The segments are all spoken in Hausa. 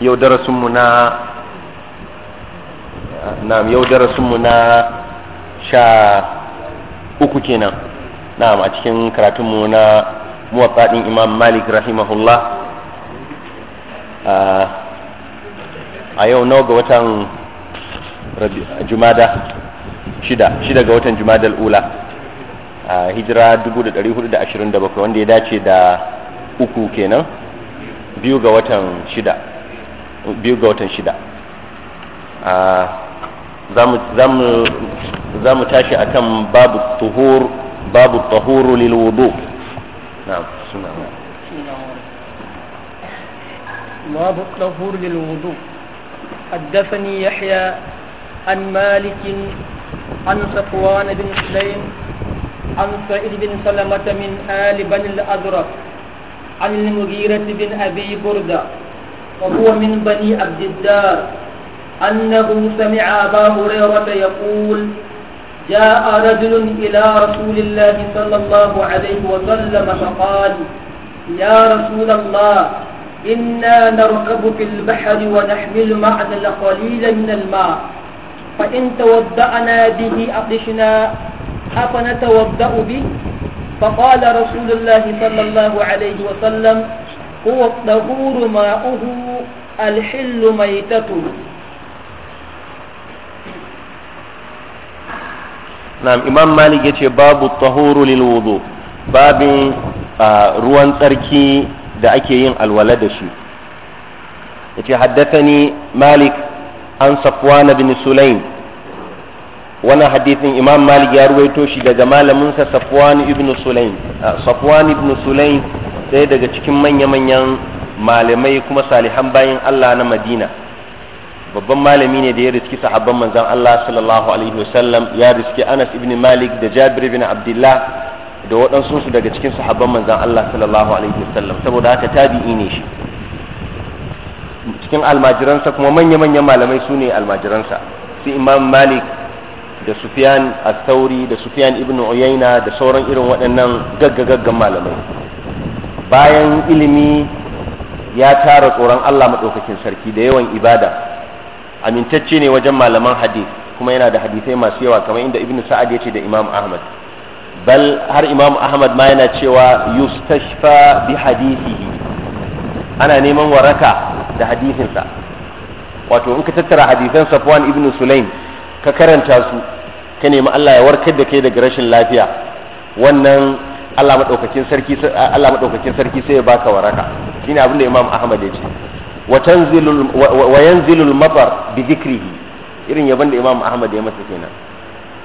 yau darasinmu na na'am yau darasinmu na sha uku kenan na'am a cikin karatunmu na muwaffaɗin imam malik rahimahullah a yau nawa ga watan jumada shida shida ga watan jumada ula a hijira 1427 wanda ya dace da uku kenan biyu ga watan shida biyu ga watan shida a za mu tashi a kan babu tuhur babu tuhuru lil wudu na'am suna babu tuhur lil wudu حدثني يحيى عن مالك عن صفوان بن سليم عن سعيد بن سلمة من آل بني الأزرق عن المغيرة بن أبي بردة وهو من بني عبد الدار أنه سمع أبا هريرة يقول جاء رجل إلى رسول الله صلى الله عليه وسلم فقال يا رسول الله إنا نركب في البحر ونحمل معنا قليلا من الماء فإن توضأنا به أقشنا أفنتوضأ به فقال رسول الله صلى الله عليه وسلم هو الطهور ماؤه الحل ميتته نعم إمام مالك يتي باب الطهور للوضوء باب آه، روان تركي da ake yin alwala da shi yace haddathani malik an wannan hadithin imam malik ya ruwaito shi daga malaminsa safwan ibn sulaim ah, safwan ibn sulaim sai daga cikin manya-manyan malamai kuma salihan bayin allah na madina babban malami ne da ya riski sahabban manzan allah sallallahu alaihi wasallam ya riski anas ibn malik da jabir ibn abdullah da waɗansu su daga cikin sahabban manzan allah sallallahu alaihi wasallam saboda haka tabi'i ne shi cikin almajiransa kuma manya-manyan malamai su ne almajiransa su imam malik da Sufyan al-Thauri da Sufyan ibn Uyayna da sauran irin waɗannan gaggagaggan malamai bayan ilimi ya tara tsoron Allah maɗaukakin sarki da yawan ibada amintacce ne wajen malaman hadith kuma yana da hadisai masu yawa kamar inda Ibn Sa'ad ya ce da Imam Ahmad bal har Imam Ahmad ma yana cewa yustashfa bi hadithihi ana neman waraka da hadisinsa wato in ka tattara hadisan Safwan ibn Sulaim ka karanta su ka nemi Allah ya warkar da kai daga rashin lafiya wannan Allah madaukakin sarki Allah madaukakin sarki sai ya baka waraka shine abin da Imam Ahmad ya ce wa tanzilul wa matar bi dhikrihi irin yaban da Imam Ahmad ya masa kenan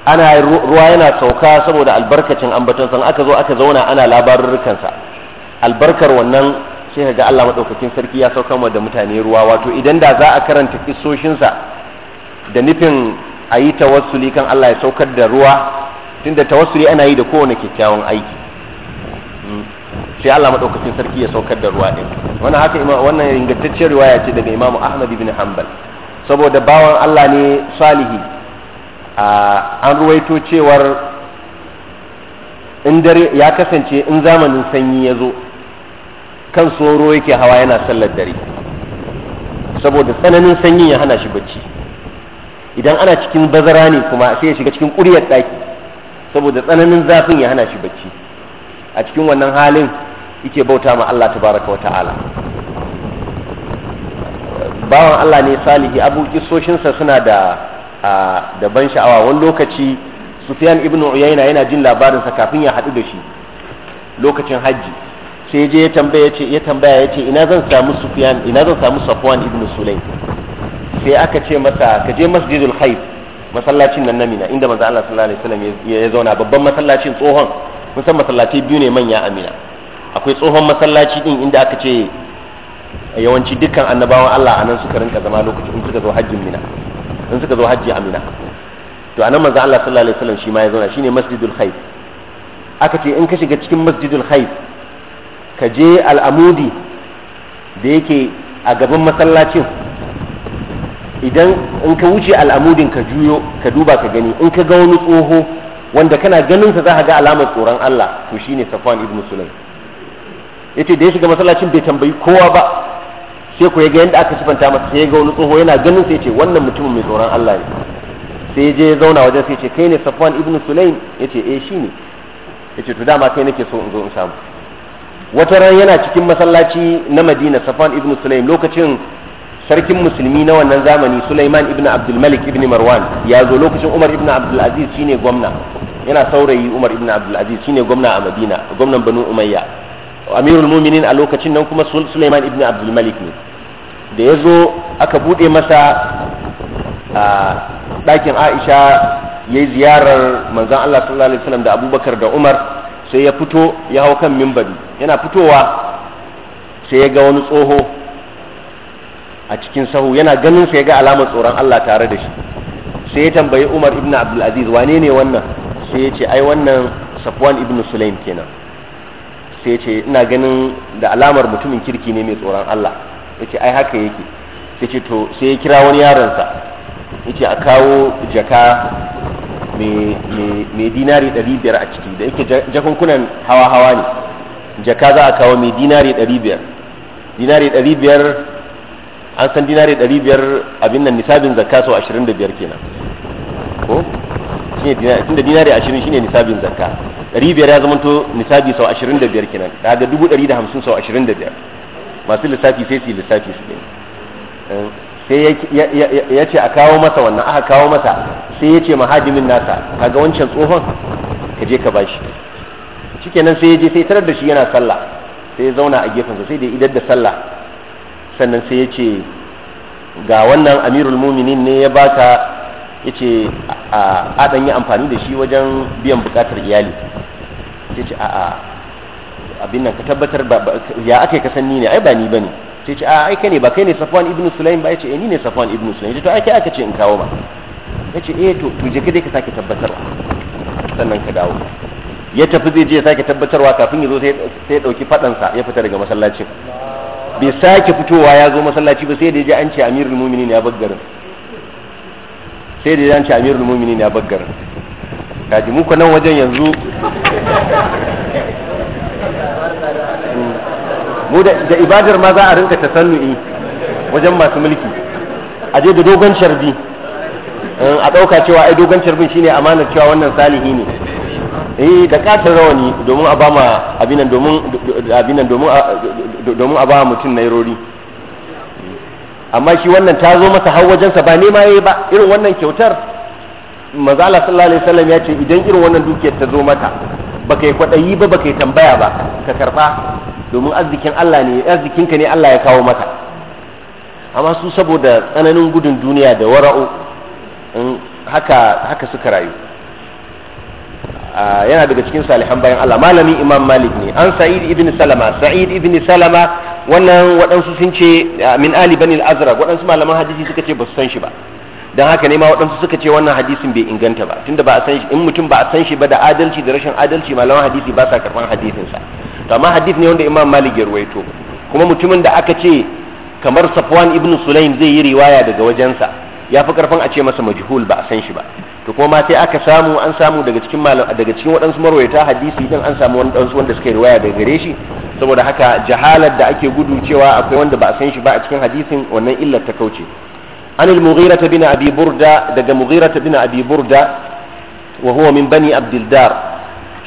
ana ruwa yana sauka saboda albarkacin ambaton san aka zo aka zauna ana labarurrukan sa albarkar wannan sai ga Allah madaukakin sarki ya sauka da mutane ruwa wato idan da za a karanta kissoshin da nufin a yi tawassuli kan Allah ya saukar da ruwa tunda tawassuli ana yi da kowane kyakkyawan aiki mm. sai Allah madaukakin sarki ya saukar da ruwa din wannan haka wannan ingantacciyar riwaya ce daga Imam Ahmad ibn Hanbal saboda bawan Allah ne salihi an ruwaito cewar in dare ya kasance in zamanin sanyi ya zo kan soro yake hawa yana sallar dare saboda tsananin sanyin ya hana shi bacci idan ana cikin bazara ne kuma sai ya shiga cikin ƙuryar ɗaki saboda tsananin zafin ya hana shi bacci a cikin wannan halin yake bauta ma Allah tabaraka wa ta'ala bawan Allah ne salihi abu kisoshinsa suna da da ban sha'awa wani lokaci Sufyan ibn Uyayna yana jin labarinsa kafin ya haɗu da shi lokacin hajji sai je ya tambaya ya tambaya ya ce ina zan samu Sufyan ina zan samu Safwan ibn Sulaim sai aka ce masa ka je masjidul khayf masallacin nan namina inda manzo Allah sallallahu alaihi wasallam ya zauna babban masallacin tsohon musan masallaci biyu ne manya amina akwai tsohon masallaci din inda aka ce yawanci dukkan annabawan Allah anan suka rinka zama lokacin in suka zo hajjin mina in suka zo hajji amina to anan manzo Allah sallallahu alaihi wasallam shi ma ya zauna shine masjidul khayf aka ce in ka shiga cikin masjidul khayf ka je al'amudi da yake a gaban masallacin idan in ka wuce al'amudin ka juyo ka duba ka gani in ka ga wani tsoho wanda kana ganin sa zaka ga alamar tsoron Allah to shine Safwan ibn Sulaim yace da ya shiga masallacin bai tambayi kowa ba sai ko ga yanda aka sifanta masa sai ga wani tsoho yana ganin sai yace wannan mutumin mai tsoron Allah ne sai je ya zauna wajen sai yace kai ne Safwan ibn Sulaim yace eh shine yace to dama kai nake so in zo in samu wata ran yana cikin masallaci na Madina Safwan ibn Sulaim lokacin sarkin musulmi na wannan zamani Sulaiman ibn Abdul Malik ibn Marwan ya zo lokacin Umar ibn Abdul Aziz shine gwamna yana saurayi Umar ibn Abdul Aziz shine gwamna a Madina gwamnan Banu Umayya Amirul Mu'minin a lokacin nan kuma Sulaiman ibn Abdul Malik ne da ya zo aka bude masa a ɗakin Aisha ya yi ziyarar manzon Allah sallallahu alaihi wasallam da Abubakar da Umar sai ya fito ya hau kan mimbari yana fitowa sai ya ga wani tsoho a cikin sahu yana ganin sa ga alamar tsoron Allah tare da shi sai ya tambayi Umar ibn Abdul Aziz wane ne wannan sai ya ce ai wannan Safwan ibn Sulaim kenan sai ya ce ina ganin da alamar mutumin kirki ne mai tsoron Allah yace ai haka yake sai ce to sai ya kira wani yaron sa yace a kawo jaka mai dinari 500 a ciki da yake jakunkunan hawa-hawa ne jaka za a kawo mai dinari 500 dinari 500 an san dinari 500 abin nan nisabin zakka sau 25 kenan ko shine dinari tunda dinari 20 shine nisabin zakka 500 ya zama to nisabi sau 25 kenan daga 150 sau 25 masu lissafi sai su lissafi su ne eh, sai ya ce a kawo masa wannan aka kawo masa sai ya ce mahajimin nasa kaga wancan tsohon ka je ka bashi shikenan sai ya je sai tarar da shi yana sallah sai ya zauna a gefensa sai da idar da sallah sannan sai ya ce ga wannan amirul muminin ne ya baka ya ce a ɗan yi amfani da shi wajen biyan buƙatar iyali ya ce a abin nan ka tabbatar ya aka yi kasan ni ne ai ba ni ba ne sai ce a ai ne ba kai ne safwan ibn sulaim ba ya ce eh, ni ne safwan ibn sulaim ya ce to ai aka ce in kawo ba ya ce eh to to je ka dai ka sake tabbatarwa sannan ka dawo ya tafi zai je ya sake tabbatarwa kafin ya zo sai ya ɗauki faɗansa ya fita daga masallacin bai sake fitowa ya zo masallaci ba sai da ya ji an ce amirul mu'minin ya baggarin sai da ya an ce amirul mu'minin ya baggarin kaji muku nan wajen yanzu mu da ibadar ma za a rinka tasannu'i wajen masu mulki a je da dogon sharbi a ɗauka cewa ai dogon sharbin shine amanar cewa wannan salihi ne eh da katin rawani domin a bama abinan domin abinan domin domin a bama mutum nairori amma shi wannan ta zo masa har wajensa ba nema yayi ba irin wannan kyautar manzo Allah sallallahu alaihi wasallam ya ce idan irin wannan dukiyar ta zo mata baka yi kwadayi ba baka yi tambaya ba ka karba domin arzikin Allah ne ka ne Allah ya kawo maka amma su saboda tsananin gudun duniya da wara'u haka haka suka rayu yana daga cikin salihan bayan Allah malami Imam Malik ne an Sa'id ibn Salama Sa'id ibn Salama wannan waɗansu sun ce min Ali bani al-Azraq waɗansu malaman hadisi suka ce ba su san shi ba dan haka ne ma waɗansu suka ce wannan hadisin bai inganta ba tunda ba a san shi in mutum ba a san shi ba da adalci da rashin adalci malaman hadisi ba sa karban hadisin sa to amma hadisi ne wanda Imam Malik ya ruwaito kuma mutumin da aka ce kamar Safwan ibn Sulaim zai yi riwaya daga wajensa ya fi karfin a ce masa majhul ba a san shi ba to kuma sai aka samu an samu daga cikin malam daga cikin waɗansu hadisi din an samu waɗansu wanda suka riwaya daga gare shi saboda haka jahalar da ake gudu cewa akwai wanda ba a san ba a cikin hadisin wannan illar ta kauce an al bin abi burda daga mughira bin abi burda wa huwa min bani abdul dar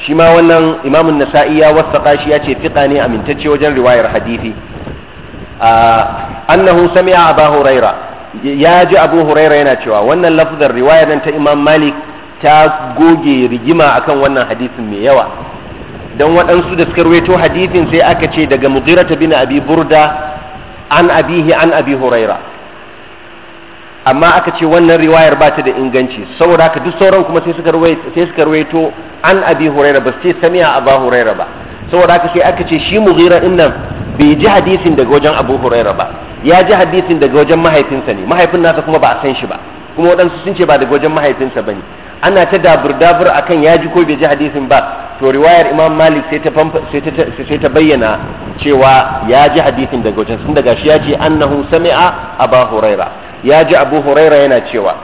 shi ma wannan imamun nasa'i ya wasaƙa shi ya ce fiƙa ne amintacce wajen riwayar hadisi. annahu sami'a aba huraira ya ji abu huraira yana cewa wannan lafzar riwaya nan ta imam malik ta goge rigima akan wannan hadisin mai yawa don waɗansu da suka ruwaito hadisin sai aka ce daga ta bin abi burda an abihi an abi huraira amma aka ce wannan riwayar ba ta da inganci saboda haka duk sauran kuma sai suka sai suka ruwaito an abi huraira ba sami sami'a aba huraira ba saboda haka sai aka ce shi mughira din nan bai ji hadisin daga wajen abu huraira ba ya ji hadisin daga wajen mahaifinsa ne mahaifin nasa kuma ba a san shi ba kuma wadansu sun ce ba daga wajen mahaifinsa ba ne ana ta dabur dabur akan ya ji ko bai ji hadisin ba to riwayar imam malik sai ta bayyana cewa ya ji hadisin daga wajen sun daga shi ya ce annahu sami'a aba huraira ya ji abu huraira yana cewa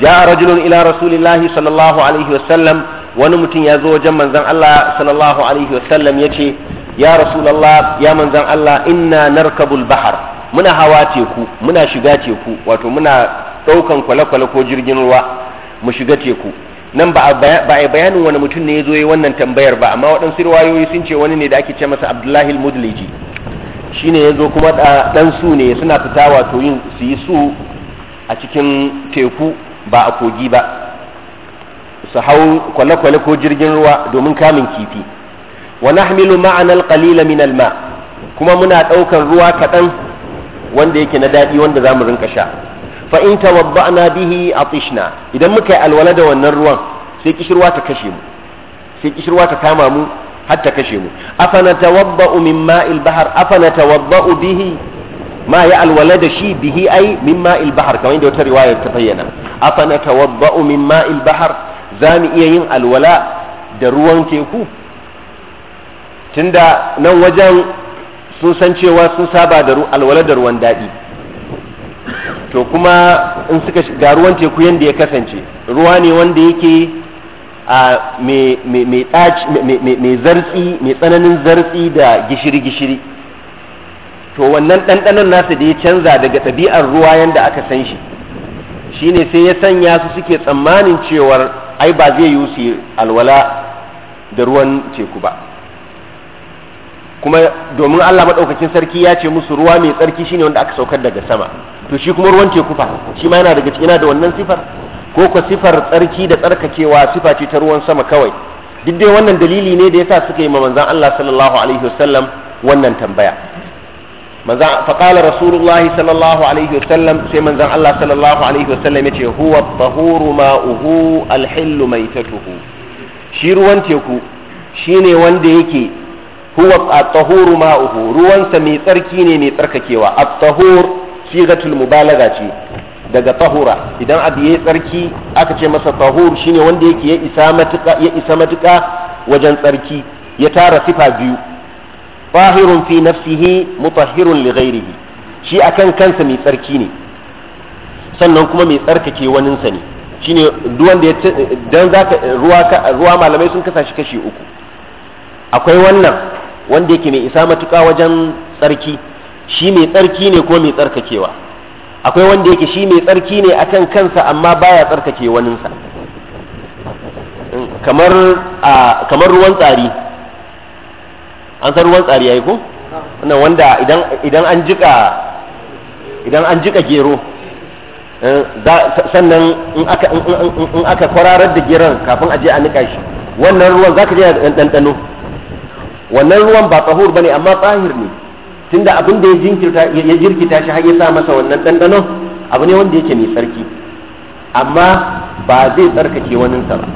جاء رجل إلى رسول الله صلى الله عليه وسلم wani mutum ya zo wajen manzon Allah sallallahu alaihi wasallam ya ya rasulullah ya manzan Allah inna narkabul bahar muna hawa teku muna shiga teku wato muna ɗaukan kwale-kwale ko jirgin ruwa mu shiga teku nan ba a bayanin wani mutum ne ya zo yi wannan tambayar ba amma waɗansu riwayoyi sun ce wani ne da ake ce masa abdullahi mudliji shi ne ya zo kuma ɗan su ne suna fita wato yin su yi su a cikin teku ba a kogi ba su hau kwale-kwale ko jirgin ruwa domin kamun kifi wa nahmilu ma'ana alqalila min alma kuma muna ɗaukan ruwa kaɗan wanda yake na daɗi wanda zamu mu rinka sha fa in tawadda'na bihi atishna idan muka yi alwala wannan ruwan sai kishirwa ta kashe mu sai kishirwa ta kama mu har ta kashe mu afana tawadda'u min ma'il bahar afana tawadda'u bihi ma ya alwala da shi bihi ai min bahar kamar yadda wata riwaya ta bayyana afana tawadda'u bahar za mu iya yin alwala da ruwan teku tunda nan wajen sun san cewa sun saba da alwala da ruwan daɗi to kuma in suka ga ruwan teku yadda ya kasance ruwa ne wanda yake a mai zartsi mai tsananin zartsi da gishiri-gishiri to wannan ɗanɗanon nasa da ya canza daga ɗabi'ar ruwa yadda aka san shi shine sai ya sanya su suke tsammanin cewar ai ba zai yi alwala da ruwan teku ba kuma domin Allah madaukakin sarki ya ce musu ruwa mai tsarki shine wanda aka saukar daga sama to shi kuma ruwan teku fa shi ma yana daga cikin yana da wannan sifar ko ko sifar tsarki da tsarkakewa sifa ce ta ruwan sama kawai duk dai wannan dalili ne da yasa suka yi ma manzon Allah sallallahu alaihi wasallam wannan tambaya manzon qala rasulullahi sallallahu alaihi wasallam sai manzon Allah sallallahu alaihi wasallam yace huwa tahuru ma'uhu al-hillu maitatuhu shi ruwan teku shine wanda yake huwa at-tahuru ma'uhu ruwansa mai tsarki ne mai tsarkakewa at-tahur sigatul mubalagha ce daga tahura idan abu yayi tsarki aka ce masa tahur shine wanda yake ya isa matuka ya isa matuka wajen tsarki ya tara sifa biyu tahirun fi nafsihi mutahhirun li ghairihi shi akan kansa mai tsarki ne sannan kuma mai tsarkake sa ne shine wanda ya dan zaka ruwa ruwa malamai sun kasa shi kashi uku akwai wannan wanda yake mai isa matuƙa wajen tsarki shi mai tsarki ne ko mai tsarkakewa akwai wanda yake shi mai tsarki ne akan kansa amma baya tsarkake waninsa kamar a kamar ruwan tsari an san ruwan tsari yayi ko wannan wanda idan idan an jika idan an jika gero eh, sannan in aka in aka kwararar da geron kafin a je a nika shi wannan ruwan zaka je da ɗanɗano wannan ruwan ba tsahur ne amma tsahir ne tunda abin da ya jirkita shi har ya sa masa wannan dandano abu ne wanda yake mai tsarki amma ba zai tsarkake waninsa ba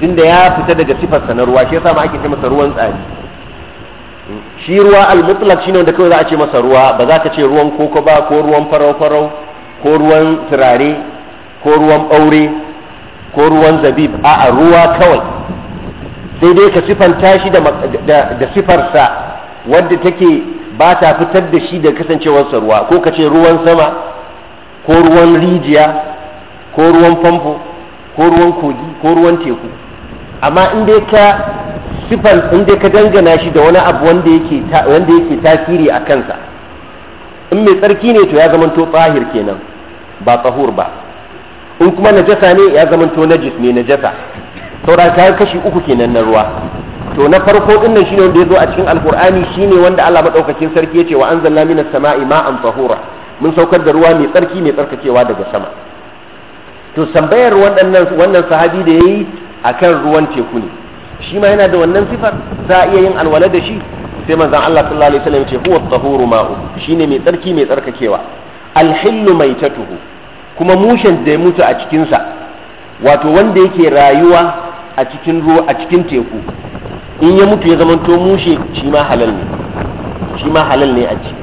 tunda ya fita daga sifarsa na ruwa shi yasa ma ake ce masa ruwan tsari shi ruwa al-mutlaq shine wanda kawai za a ce masa ruwa ba za ka ce ruwan koko ba ko ruwan farau farau ko ruwan turare ko ruwan ɓaure ko ruwan zabib a'a ruwa kawai sai dai ka sifanta shi da sifarsa wadda take ba ta fitar da shi da kasancewarsa ruwa ko ka ce ruwan sama ko ruwan rijiya ko ruwan famfo ko ruwan kogi ko ruwan teku amma in dai ka sifar in ka dangana shi da wani abu wanda yake tasiri a kansa in mai tsarki ne to ya zamanto tsahir kenan ba tsahur ba in kuma najasa ne ya zamanto najis ne najasa saura ta kashi uku kenan na ruwa to na farko din nan shine wanda yazo a cikin alqur'ani shine wanda Allah madaukakin sarki yace wa anzalna minas sama'i ma'an tahura mun saukar da ruwa mai tsarki mai tsarkakewa daga sama to sambayar waɗannan wannan sahabi da yayi akan ruwan teku ne shi ma yana da wannan sifar za a iya yin alwala da shi sai manzon Allah sallallahu alaihi wasallam yace huwa tahuru ma'u shine mai tsarki mai tsarkakewa alhillu maitatuhu kuma mushen da ya mutu a cikinsa wato wanda yake rayuwa a cikin ruwa a cikin teku in ya mutu ya zamanto mushe shi ma halal ne shi ma halal ne a ci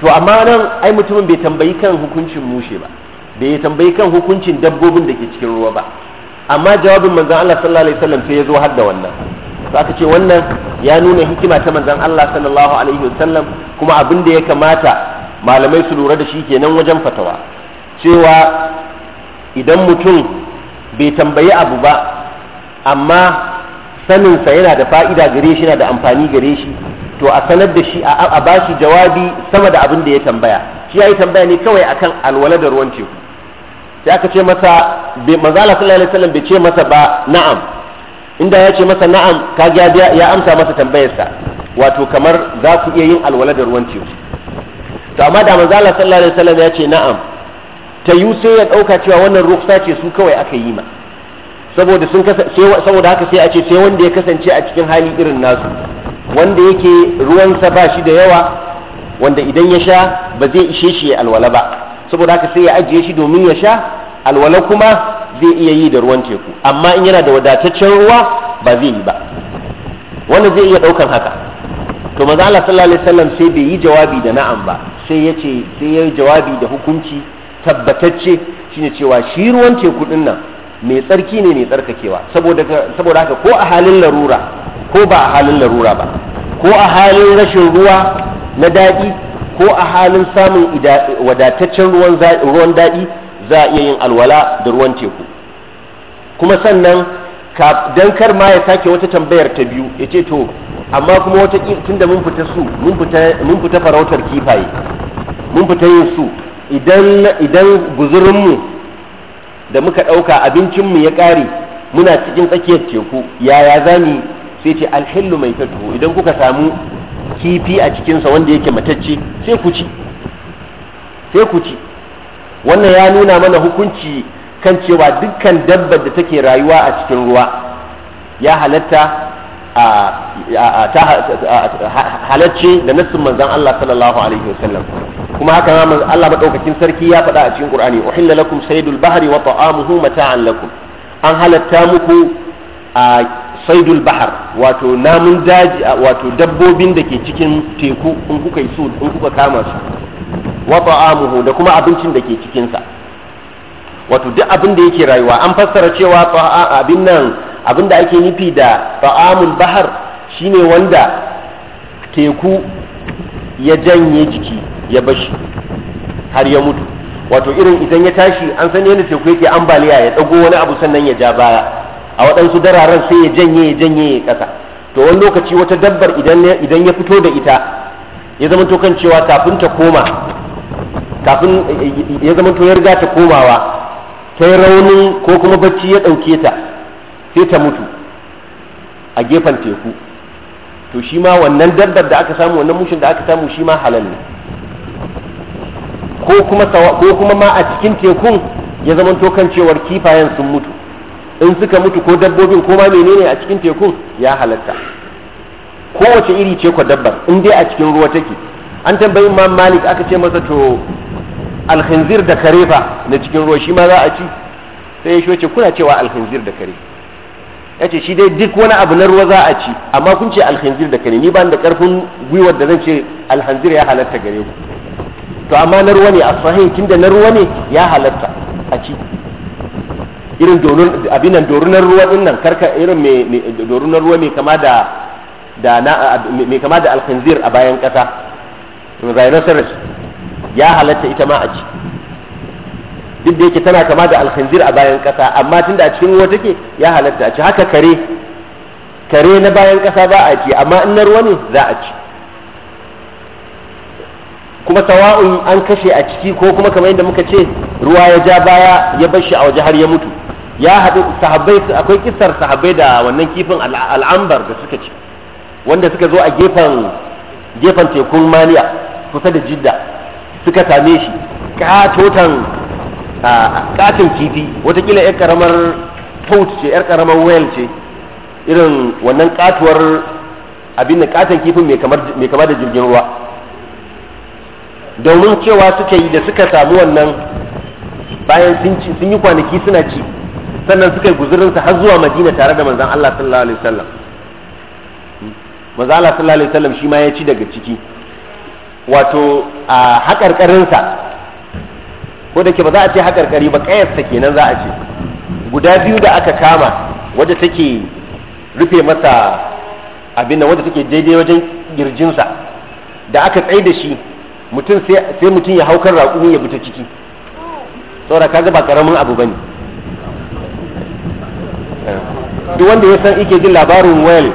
to amma nan ai mutumin bai tambayi kan hukuncin mushe ba bai tambayi kan hukuncin dabbobin da ke cikin ruwa ba amma jawabin manzon Allah sallallahu alaihi wasallam sai ya zo har da wannan to aka ce wannan ya nuna hikima ta manzon Allah sallallahu alaihi wasallam kuma abin da ya kamata malamai su lura da shi kenan wajen fatawa cewa idan mutum bai tambayi abu ba amma saninsa yana da fa'ida gare shi yana da amfani gare shi to a sanar da shi a ba shi jawabi sama da abin da ya tambaya shi ya yi tambaya ne kawai akan alwala da ruwan teku sai aka ce masa manzala sallallahu alaihi wasallam bai ce masa ba na'am inda ya ce masa na'am kaga ya amsa masa tambayarsa wato kamar za ku iya yin alwala da ruwan teku to amma da manzala sallallahu alaihi wasallam ya ce na'am ta yi sai ya ɗauka cewa wannan ruksa ce su kawai aka yi ma saboda sun saboda haka sai a ce sai wanda ya kasance a cikin hali irin nasu wanda yake ruwansa ba shi da yawa wanda idan ya sha ba zai ishe shi ya alwala ba saboda haka sai ya ajiye shi domin ya sha alwala kuma zai iya yi da ruwan teku amma in yana da wadataccen ruwa ba zai yi ba wanda zai iya ɗaukan haka to maza Allah sallallahu alaihi wasallam sai bai yi jawabi da na'am ba sai yace ce sai ya yi jawabi da hukunci tabbatacce shine cewa shi ruwan teku din nan mai tsarki ne mai tsarkakewa saboda haka ko a halin larura ko ba a halin larura ba ko a halin rashin ruwa na daɗi ko a halin samun wadataccen ruwan daɗi za a iya yin alwala da ruwan teku kuma sannan don kar ma ya sake wata tambayar ta biyu ya ce to amma kuma wata tunda mun fita su mun fita farautar kifaye mun fita yin su idan guzurinmu da muka ɗauka abincinmu ya ƙare muna cikin tsakiyar teku yaya za mu sai ce alhillu mai fatuhu idan kuka samu kifi a cikinsa wanda yake matacce sai ku ci sai ku ci wannan ya nuna mana hukunci kan cewa dukkan dabbar da take rayuwa a cikin ruwa ya halatta halacce da nassin manzan Allah sallallahu alaihi wasallam kuma haka ma Allah madaukakin sarki ya faɗa a cikin Qur'ani uhilla lakum saydul bahri wa ta'amuhu mata'an lakum an halatta muku a saydul bahar wato namun daji wato dabbobin da ke cikin teku in kuka yi su in kuka kama su wa ta'amuhu da kuma abincin da ke cikin sa wato duk abin da yake rayuwa an fassara cewa abin nan abinda ake nufi da ba'amun bahar shine wanda teku ya janye jiki ya bashi har ya mutu wato irin idan ya tashi an san yadda teku yake ambaliya ya dago wani abu sannan ya ja baya a waɗansu dararen sai ya janye ya janye ya ƙasa to wani lokaci wata dabbar idan ya fito da ita ya zama to kan cewa kafin ta koma kafin ya zama to ya riga ta komawa ta yi raunin ko kuma bacci ya ɗauke ta sai ta mutu a gefen teku to shi ma wannan dabbar da aka samu wannan mushin da aka samu shi ma halal ne ko kuma ko kuma ma a cikin tekun ya zama to kan cewar kifayen sun mutu in suka mutu ko dabbobin ko ma menene a cikin tekun ya halatta kowace iri ce ko dabbar in dai a cikin ruwa take an tambayi mam malik aka ce masa to alhinzir da kare na cikin ruwa shi ma za a ci sai ya shoce kuna cewa alhinzir da kare yace shi dai duk wani abu na ruwa za a ci amma kun ce alhanzir da kare ni ba da karfin gwiwar da zan ce alhanzir ya halatta gare ku to amma na ruwa ne a sahihin tunda na ruwa ne ya halatta a ci irin abin nan dorunar ruwa din nan karka irin me dorunar ruwa mai kama da da na me kama da alhanzir a bayan kasa rhinoceros ya halatta ita ma a ci duk da yake tana kama da alkhanzir a bayan kasa amma tunda a cikin ruwa take ya halatta a ci haka kare kare na bayan kasa ba a ci amma in na ruwa ne za a ci kuma sawa'un an kashe a ciki ko kuma kamar yadda muka ce ruwa ya ja baya ya bar shi a waje har ya mutu ya haɗu sahabbai akwai kisar sahabbai da wannan kifin al'ambar da suka ci wanda suka zo a gefen gefen tekun maliya kusa da jidda suka same shi ka totan. a katin kifi watakila yar karamar tout ce yar karamar whale ce irin wannan katuwar abin da katin kifin mai kama da jirgin ruwa domin cewa suka yi da suka samu wannan bayan sun yi kwanaki suna ci sannan suka yi guzurinsa har zuwa madina tare da manzan Allah sallallahu alaihi wasallam manzan Allah sallallahu alaihi wasallam shi ma ya ci daga ciki wato a haƙarƙarinsa ko da ke ba za a ce haƙarƙari ba ƙayarsa kenan za a ce guda biyu da aka kama wadda take rufe masa abin nan wadda take daidai wajen girjinsa da aka tsaye da shi mutum sai mutum ya haukar raƙumi ya ta ciki saboda ga ba karamin abu bane duk wanda ya san ike jin labarin well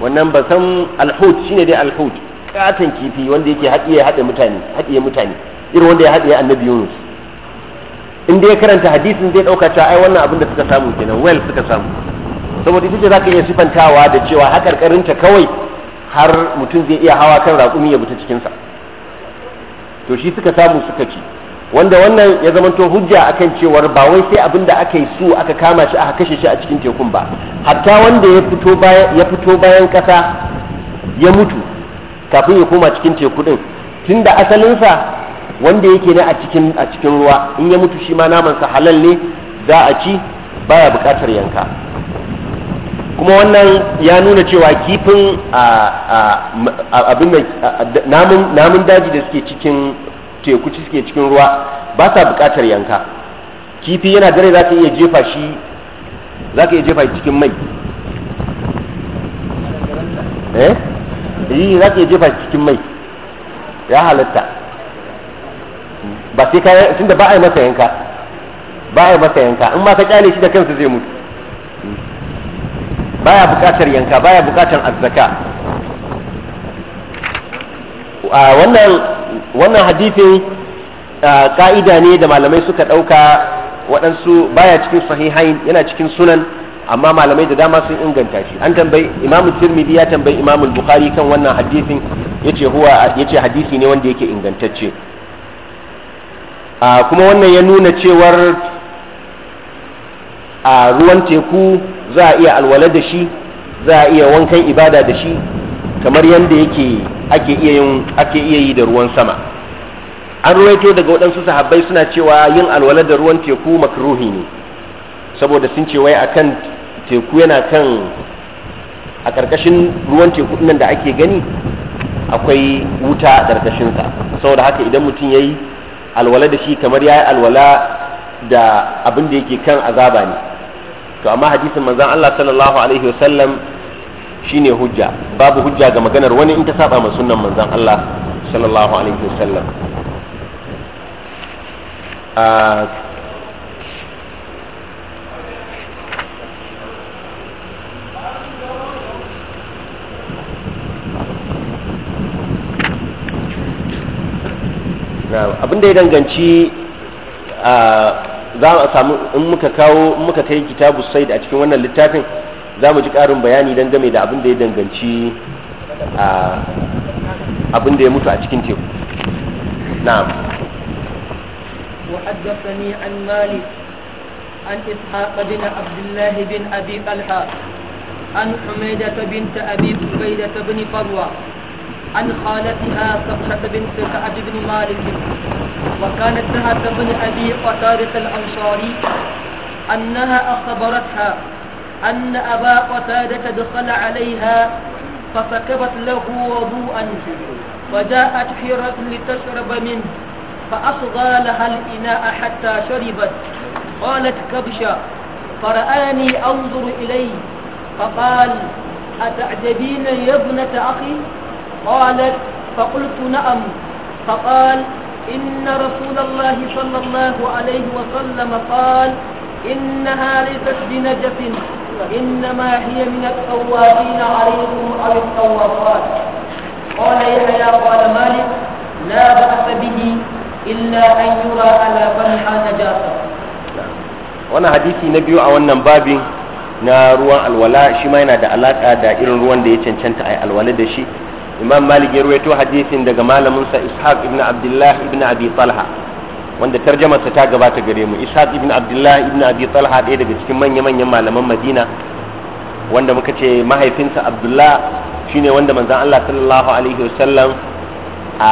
wannan ba san alhut shine dai alhut katon kifi wanda yake haɗiye haɗe mutane haɗiye mutane irin wanda ya haɗiye annabi Yunus in da ya karanta hadisin zai dauka cewa ai wannan abin da suka samu kenan well suka samu saboda ita ce zaka iya sifantawa da cewa hakarkarinta kawai har mutum zai iya hawa kan raƙumi ya buta cikinsa to shi suka samu suka ci wanda wannan ya zamanto hujja akan cewar ba wai sai abin da aka yi su aka kama shi aka kashe shi a cikin tekun ba hatta wanda ya fito bayan ya fito bayan kasa ya mutu kafin ya koma cikin teku din tunda sa wanda yake ne a cikin a cikin ruwa in ya mutu shi ma naman sa halal ne za a ci baya bukatar yanka kuma wannan ya nuna cewa kifin abin namun daji da suke cikin teku suke cikin ruwa ba sa bukatar yanka kifi yana dare za ka iya jefa shi za ka iya jefa shi cikin mai eh yi za ka iya jefa shi cikin mai ya halatta ba sai ka tunda ba a yi masa yanka ba a yi masa yanka in ma ka kyale shi da kansa zai mutu baya bukatar yanka baya bukatar azzaka wannan wannan hadithin ka'ida ne da malamai suka ɗauka waɗansu baya cikin sahihain yana cikin sunan amma malamai da dama sun inganta shi an tambayi imamu tirmidhi ya tambayi imamu bukhari kan wannan hadisin yace huwa yace hadisi ne wanda yake ingantacce a kuma wannan ya nuna cewar a ruwan teku za a iya alwala da shi za a iya wankan ibada da shi kamar yadda yake ake iya yin ake iya yi da ruwan sama an ruwaito daga waɗansu sahabbai suna cewa yin alwala da ruwan teku makruhi ne saboda sun ce wai akan teku yana kan a ƙarƙashin ruwan teku nan da ake gani akwai wuta ƙarƙashinsa saboda haka idan mutum ya yi alwala da shi kamar ya yi alwala da abin da yake kan azaba ne to amma hadisin manzon Allah sallallahu alaihi wasallam shine hujja babu hujja ga maganar wani in ta saba ma sunan manzon Allah sallallahu alaihi wasallam ah, abin da ya danganci za a samu in muka kawo in muka kai kitabu sai a cikin wannan littafin za mu ji ƙarin bayani don game da abin da ya danganci abin da ya mutu a cikin teku na'am وحدثني عن مالك عن إسحاق بن عبد الله بن أبي طلحة binta حميدة بنت da ta بن farwa. عن خالتها صفحة بنت سعد بن مالك وكانت لها تظن أبي قتادة الأنصاري أنها أخبرتها أن أبا قتادة دخل عليها فسكبت له وضوءا وجاءت حيرة لتشرب منه فأصغى لها الإناء حتى شربت قالت كبشة فرآني أنظر إليه فقال أتعجبين يا ابنة أخي قالت فقلت نعم فقال إن رسول الله صلى الله عليه وسلم قال إنها ليست بنجف إنما هي من التوابين عليكم أو التوابات قال يحيى قال مالك لا بأس به إلا أن يرى على فنح نجاسة وانا حديثي na biyu a na ruwan alwala shi ma yana da alaka da irin ruwan da ya cancanta a alwala da shi imam malik ya ruwaito hadisin daga sa ishaq ibn abdullah ibn abi talha wanda tarjamarsa ta gabata gare mu ishaq ibn abdullah ibn abi talha ɗaya daga cikin manya-manyan malaman madina wanda muka ce mahaifinsa abdullah shine wanda manzan allah sallallahu alaihi wasallam a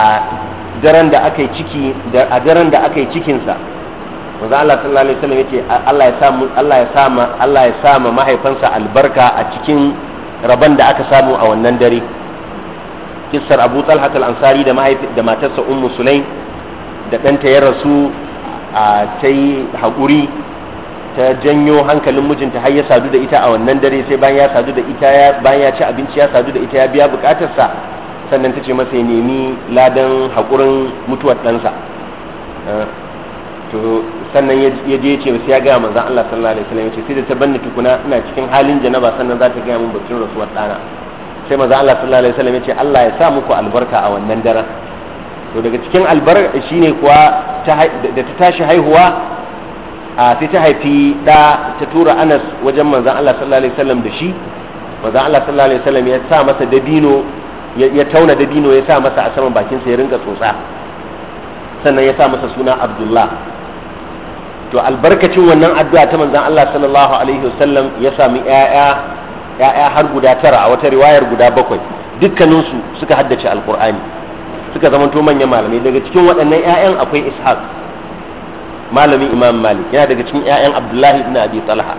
daren da aka yi ciki a daren da aka yi cikinsa manzon allah sallallahu alaihi wasallam yace allah ya samu allah ya sa allah ya sama mahaifansa albarka a cikin rabon da aka samu a wannan dare kissar abu talha al-ansari da da matarsa ummu sulaim da ɗanta ya rasu a ta yi haƙuri ta janyo hankalin mijinta har ya sadu da ita a wannan dare sai bayan ya sadu da ita bayan ya ci abinci ya sadu da ita ya biya bukatarsa sannan ta ce masa ya nemi ladan haƙurin mutuwar ɗansa eh, to sannan ya je ce sai ya gaya manzon Allah sallallahu alaihi wasallam ya ce sai da ta banni tukuna ina cikin halin janaba sannan za ta gaya min batun rasuwar ɗana sai maza Allah sallallahu alaihi wasallam ya ce Allah ya sa muku albarka a wannan daren to daga cikin albarka shine kuwa da ta tashi haihuwa a sai ta haifi da ta tura Anas wajen manzo Allah sallallahu alaihi wasallam da shi maza Allah sallallahu alaihi wasallam ya sa masa dabino ya tauna dabino ya sa masa a saman bakin sa ya rinka tsotsa sannan ya sa masa suna Abdullah to albarkacin wannan addu'a ta manzon Allah sallallahu alaihi wasallam ya sami 'ya'ya ya'ya har guda tara a wata riwayar guda bakwai dukkaninsu suka haddace alkur'ani suka to manyan malamai daga cikin waɗannan 'ya'yan akwai ishaq malamin imam malik yana daga cikin 'ya'yan abdullahi ibn abi talha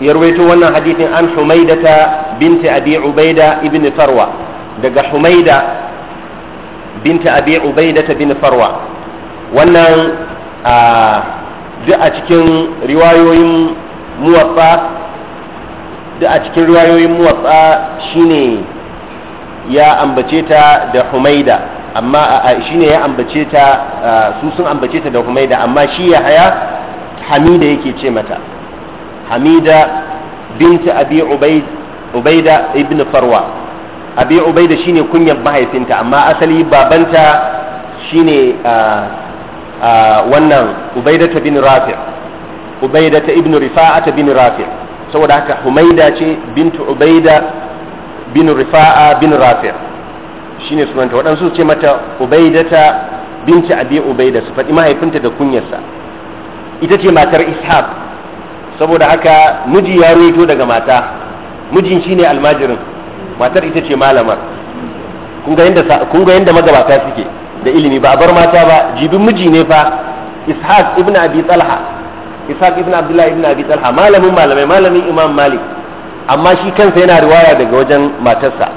ya rawaito wannan hadithin an humaidata binti abi ubaida ibn farwa daga humaida binti abi ubaidata bin farwa wannan duk a cikin riwayoyin muwaffa duk a cikin riwayoyin muwatsa shine ya ambace ta da humaida amma shine ya ambace ta su sun ambace ta da humaida amma shi ya haya hamida yake ce mata hamida binta abi ubaida ibn farwa abi ubaida shine kunyar mahaifinta amma asali babanta shine wannan ta bin rafi' ta ibn ta bin rafi' saboda haka humaida ce bintu ubaida bin rifa'a bin rafi' shine sunanta waɗansu ce mata ubaidata binti abi ubaida su faɗi mahaifinta da kunyarsa ita ce matar ishaq saboda haka miji ya rito daga mata mijin shine almajirin matar ita ce malamar kun ga yadda magabata suke da ilimi ba a bar mata ba jibin miji ne fa ishaq ibn abi talha ishaq ibn abdullahi ibn abi talha malamin malamai malamin imam malik amma shi kansa yana riwaya daga wajen matarsa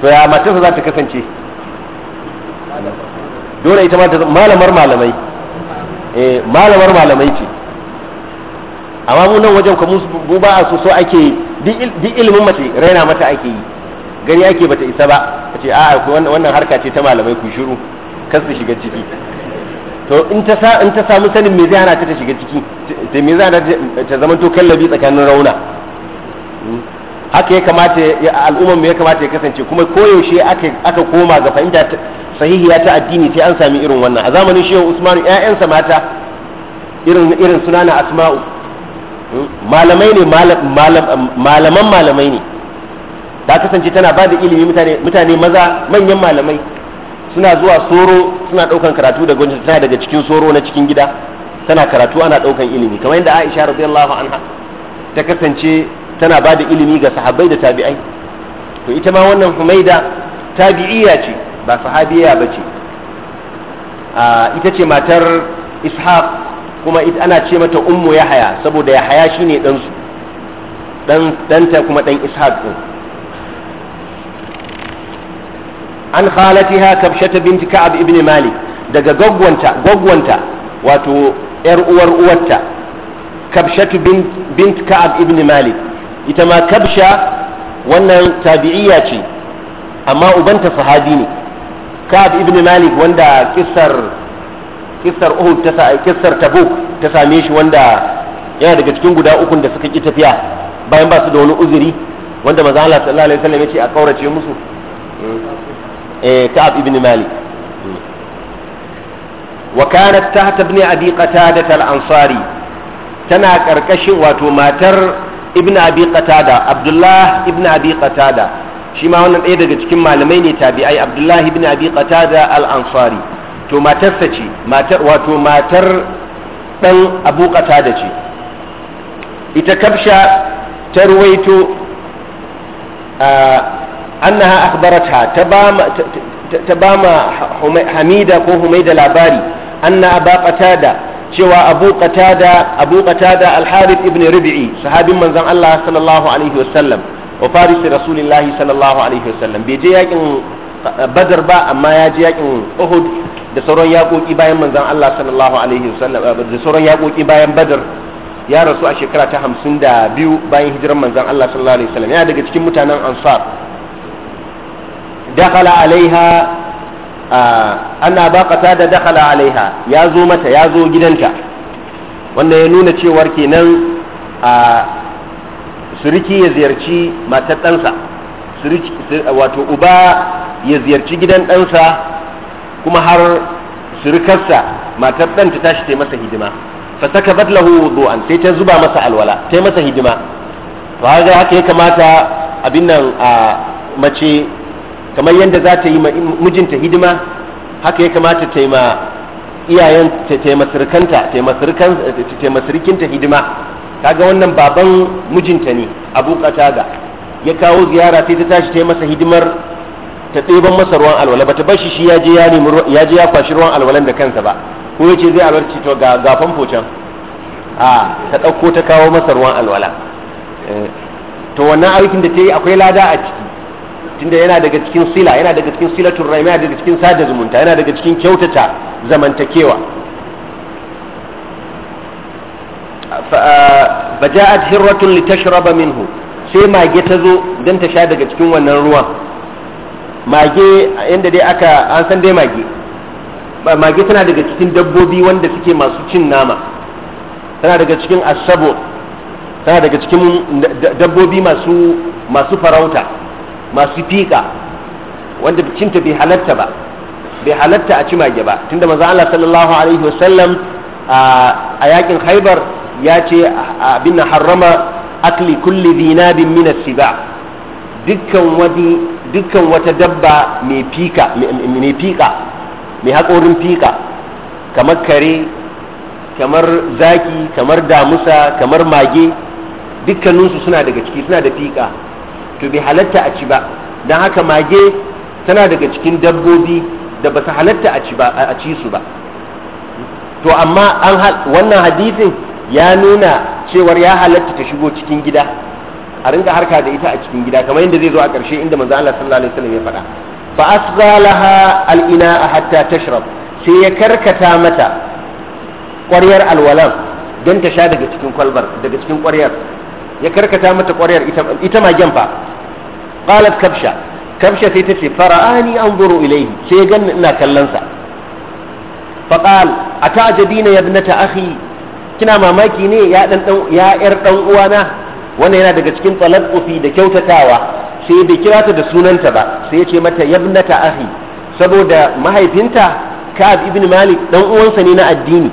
to ya matarsa za ta kasance dole ita ma ta malamar malamai eh malamar malamai ce amma mu nan wajen kuma mu ba a so so ake duk ilimin mace raina mata ake yi gani ake bata isa ba ce a'a wannan harka ce ta malamai ku shiru kasu shiga ciki to in ta sa in ta samu sanin me zai hana ta shiga ciki ta me zai ta zama to kallabi tsakanin rauna hmm. haka ya kamata al'ummar mu ya kamata ya kasance kuma koyaushe aka koma ga fahimta sahihiya ta addini sai an sami irin wannan a zamanin shehu usmanu ƴaƴansa mata irin irin sunana asma'u hmm, malamai ne malaman malamai ne ta kasance tana ba da ilimi mutane mutane maza manyan malamai suna zuwa soro suna ɗaukan karatu daga wajen tana daga cikin soro na cikin gida tana karatu ana ɗaukan ilimi kamar yadda Aisha radiyallahu anha ta kasance tana ba da ilimi ga sahabbai da tabi'ai to ita ma wannan Humaida tabi'iyya ce ba sahabiya ba ce ita ce matar Ishaq kuma ana ce mata ummu Yahaya saboda Yahaya shine dan danta kuma dan Ishaq din an khalatiha kabshata binti ka'ab ibn malik daga gogwanta gogwanta wato yar uwar uwarta kabshatu binti ka'ab ibn malik ita ma kabsha wannan tabi'iyya ce amma ubanta sahabi ne ka'ab ibn malik wanda kissar kissar uhud ta kissar tabuk ta same shi wanda yana daga cikin guda ukun da suka ki tafiya bayan ba su da wani uzuri wanda manzo Allah sallallahu alaihi wasallam ya ce a kaurace musu hmm. eh ka'ab ibn malik wa kanat tahta ibn abi qatada al-ansari tana karkashin wato matar ibn abi qatada abdullah ibn abi qatada shi ma wannan ɗaya daga cikin malamai ne tabi'ai abdullah ibn abi qatada al-ansari to matarsa ce matar wato matar dan ce ita kabsha ta ruwaito ah, annaha akhbaratha ta bama hamida ko humaida labari anna aba qatada cewa abu qatada abu qatada al-harith ibn rabi'i sahabin manzon Allah sallallahu alaihi wasallam wa faris rasulillah sallallahu bai je yakin badar ba amma ya je yakin uhud da sauran yakoki bayan manzon Allah sallallahu alaihi da sauran yakoki bayan badar ya rasu a shekara ta biyu bayan hijiran manzon Allah sallallahu alaihi wasallam yana daga cikin mutanen ansar dakhala bakata da dakhala alaiha ya zo mata ya zo gidanta wanda ya nuna cewar kenan a ya ziyarci matar wato uba ya ziyarci gidan ɗansa kuma har surukarsa matar ɗan ta tashi ta masa hidima fasaka batlahu wudu'an sai ta zuba masa alwala ta masa hidima to haka haka ya kamata abin nan a mace kamar yadda za ta yi mijinta hidima haka ya kamata ta yi ma iyayen taimasirkanta taimasirkinta hidima kaga wannan baban mijinta ne abu ga ya kawo ziyara sai ta tashi ta yi masa hidimar ta tseban masa ruwan alwala ba ta bar shi ya je ya je ya kwashi ruwan alwalan da kansa ba ko ya ce zai alwarci to ga famfo can a ta ɗauko ta kawo masa ruwan alwala eh, to wannan aikin da ta yi akwai lada a ciki tunda yana daga cikin sila yana daga cikin silatul rahim yana daga cikin sada zumunta yana daga cikin kyautata zamantakewa ja'at هرة litashraba minhu sai mage ta zo don ta sha daga cikin wannan ruwan mage inda dai aka an san dai mage mage tana daga cikin dabbobi wanda suke masu cin nama tana daga cikin asabo tana daga cikin dabbobi masu farauta masu fiƙa wanda cinta bai halatta ba bai halatta a ci mage ba tunda maza Allah sallallahu alaihi wasallam a yakin haibar ya ce na harrama akli kulli dhinabin min as-siba dukkan dukkan wata dabba mai fiƙa mai haƙorin fiƙa kamar kare kamar zaki kamar damusa kamar mage dukkaninsu suna daga ciki suna da fiƙa. to bai halatta a ci ba don haka mage tana daga cikin dabbobi da ba su halatta a ci ba su ba to amma an wannan hadisin ya nuna cewar ya halatta ta shigo cikin gida a rinka harka da ita a cikin gida kamar yadda zai zo a ƙarshe inda manzo Allah sallallahu alaihi wasallam ya faɗa fa asghalaha al-ina'a hatta tashrab sai ya karkata mata ƙwaryar alwalan don ta sha daga cikin kwalbar daga cikin ƙwaryar ya karkata mata kwaryar ita magen fa qalat kabsha kabsha sai ta ce fara'ani anzuru ilayhi sai gan ina kallon sa fa qal na ya akhi kina mamaki ne ya dan dan ya yar dan uwana wannan yana daga cikin talaqqufi da kyautatawa sai bai kira ta da sunanta ba sai ya ce mata ya akhi saboda mahaifinta Ka'ab ibn Malik ɗan uwansa ne na addini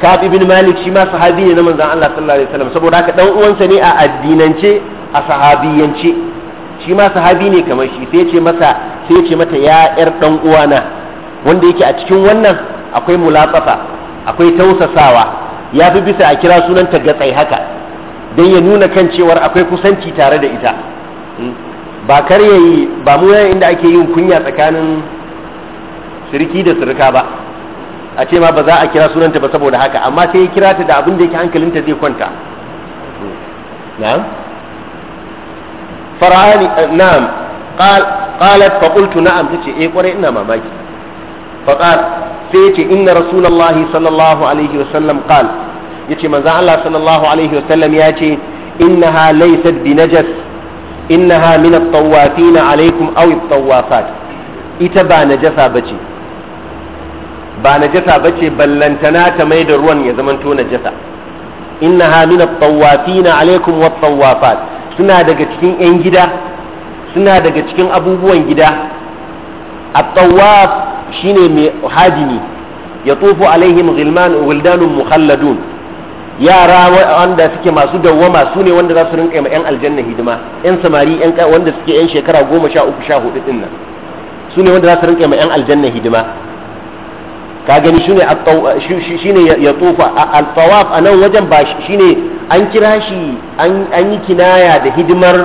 ka'ab ibn malik shi ma sahabi ne na manzon Allah sallallahu alaihi wasallam saboda haka dan uwansa ne a addinance a sahabiyance shi ma sahabi ne kamar shi sai ce masa sai ce mata ya yar dan uwana wanda yake a cikin wannan akwai mulatsafa akwai tausasawa ya fi bisa a kira sunan sunanta gatsai haka dan ya nuna kan cewar akwai kusanci tare da ita hmm. ba kar yayi ba mu inda ake yin kunya tsakanin sirki da sirka ba a ce ma ba za a kira sunanta ba saboda haka amma sai ya kira ta da abin da yake hankalinta zai kwanta na'am fara'ani eh, na'am qalat fa qultu na'am tace eh kwarai ina mamaki fa qal sai yace inna rasulullahi sallallahu alaihi wa sallam qal yace manzon Allah sallallahu alaihi wa sallam ya ce innaha laysat binajas najas innaha min at-tawafin alaikum aw at-tawafat ita ba najasa bace ba na jasa ba ce ballantana ta mai da ruwan ya zama jasa inna ha min at na alaikum wa tawafat suna daga cikin yan gida suna daga cikin abubuwan gida at-tawaf shine mai hadini ya tufu alaihim ghilman wildanun muhalladun yara wanda suke masu dawwama su ne wanda za su rinka yan aljanna hidima yan samari wanda suke yan shekara goma sha uku sha hudu din nan su ne wanda za su rinka yan aljanna hidima ka gani shine shine ya tufa al-tawaf a nan wajen ba shine an kira shi an yi kinaya da hidimar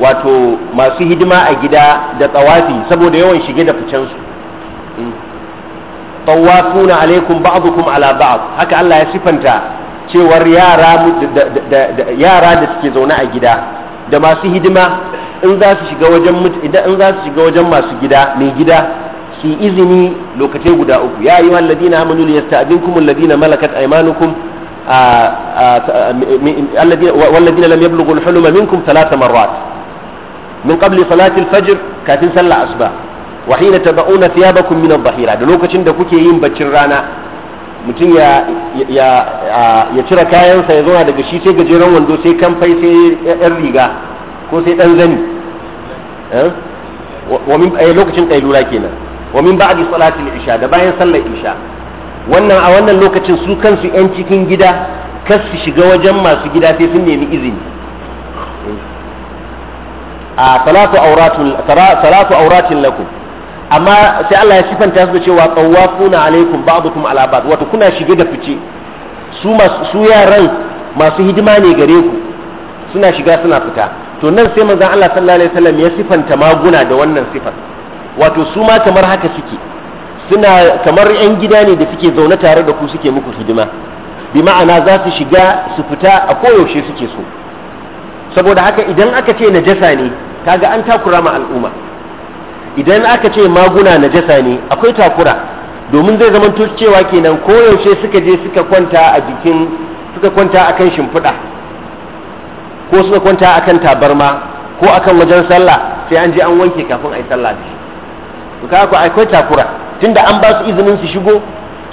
wato masu hidima a gida da tsawafi saboda yawan shige da ficen su hmm. tawafuna alaikum ba'dukum ala ba'd haka Allah ya sifanta cewar yara da yara da suke zaune a gida da masu hidima in za shiga wajen in za su shiga wajen masu gida mai gida su yi izini lokacin guda uku ya yi ladina amanu li yasta'dinkum alladina malakat aymanukum والذين لم يبلغوا الحلم منكم ثلاث مرات من قبل صلاة الفجر كاتن asba wa hina tabauna thiyabakum min الظهيرة dhahira da lokacin da kuke yin baccin rana mutum ya ya ya cire kayansa ya zauna daga shi sai gajeren wando sai kamfai sai yan riga ko sai dan zani eh? wa min eh, lokacin kailura kenan wa min ba'di salatil isha da bayan sallar isha wannan a wannan lokacin su kansu yan cikin gida kar su shiga wajen masu gida sai sun nemi izini a salatu auratun salatu auratin lakum amma sai Allah ya sifanta su da cewa qawwafuna alaikum ba'dukum ala ba'd wato kuna shige da fice su masu su yaran masu hidima ne gare ku suna shiga suna fita to nan sai manzon Allah sallallahu alaihi wasallam ya sifanta maguna da wannan sifar wato su ma kamar haka suke suna kamar 'yan gida ne da suke zaune tare da ku suke muku hidima bi ma'ana za su shiga su fita a koyaushe suke so saboda haka idan aka ce najasa ne kaga an takura ma al'umma idan aka ce maguna najasa ne akwai takura domin zai zama cewa kenan koyaushe suka je suka kwanta a jikin suka kwanta akan shimfiɗa ko suka kwanta akan tabarma ko akan wajen sallah sai an je an wanke kafin a yi sallah da shi su kaga akwai takura tunda an ba su izinin su shigo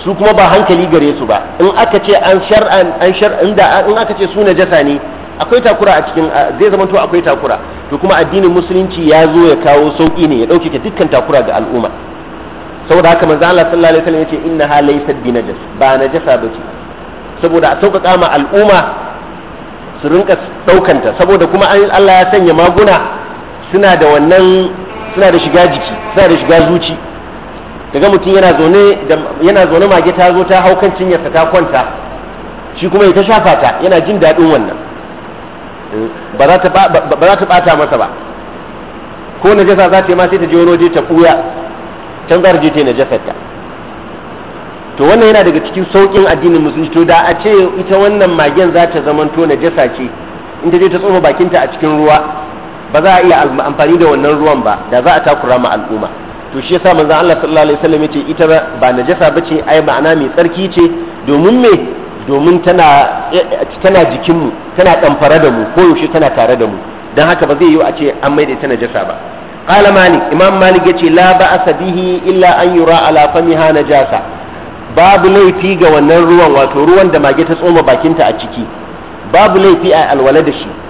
su kuma ba hankali gare su ba in aka ce an shar'an an shar'an da in aka ce su najasa ne akwai takura a cikin zai zama to akwai takura to kuma addinin musulunci ya zo ya kawo sauki ne ya dauke ta dukkan takura ga al'umma saboda haka manzo Allah sallallahu alaihi wasallam yace inna ha laysa najas ba najasa bace saboda a sauƙaƙa ma al'umma su rinka daukanta saboda kuma Allah ya sanya maguna suna da wannan suna da shiga jiki suna da shiga zuci daga mutum yana zaune yana zaune mage ta zo ta hau kan cinyarsa ta kwanta shi kuma ya ta shafa ta yana jin daɗin wannan ba za ta ɓata masa ba ko najasa za ta yi ma sai ta je wani waje ta ɓuya can za ta je ta yi ta to wannan yana daga cikin sauƙin addinin musulunci to da a ce ita wannan magen za ta zamanto najasa ce in ta je ta tsoma bakinta a cikin ruwa ba za a iya amfani da wannan ruwan ba da za a takura ma al'umma to shi yasa manzon Allah sallallahu alaihi wasallam yace ita ba najasa bace ai ma'ana mai tsarki ce domin me domin tana eh, tana jikin mu tana damfara da mu ko yaushe tana tare da mu dan haka ba zai yiwu a ce an maida ita najasa ba qala malik imam malik yace la ba'asa bihi illa an yura ala famiha najasa babu laifi ga wannan ruwan wato ruwan da mage ta tsoma bakinta a ciki babu laifi a alwala da shi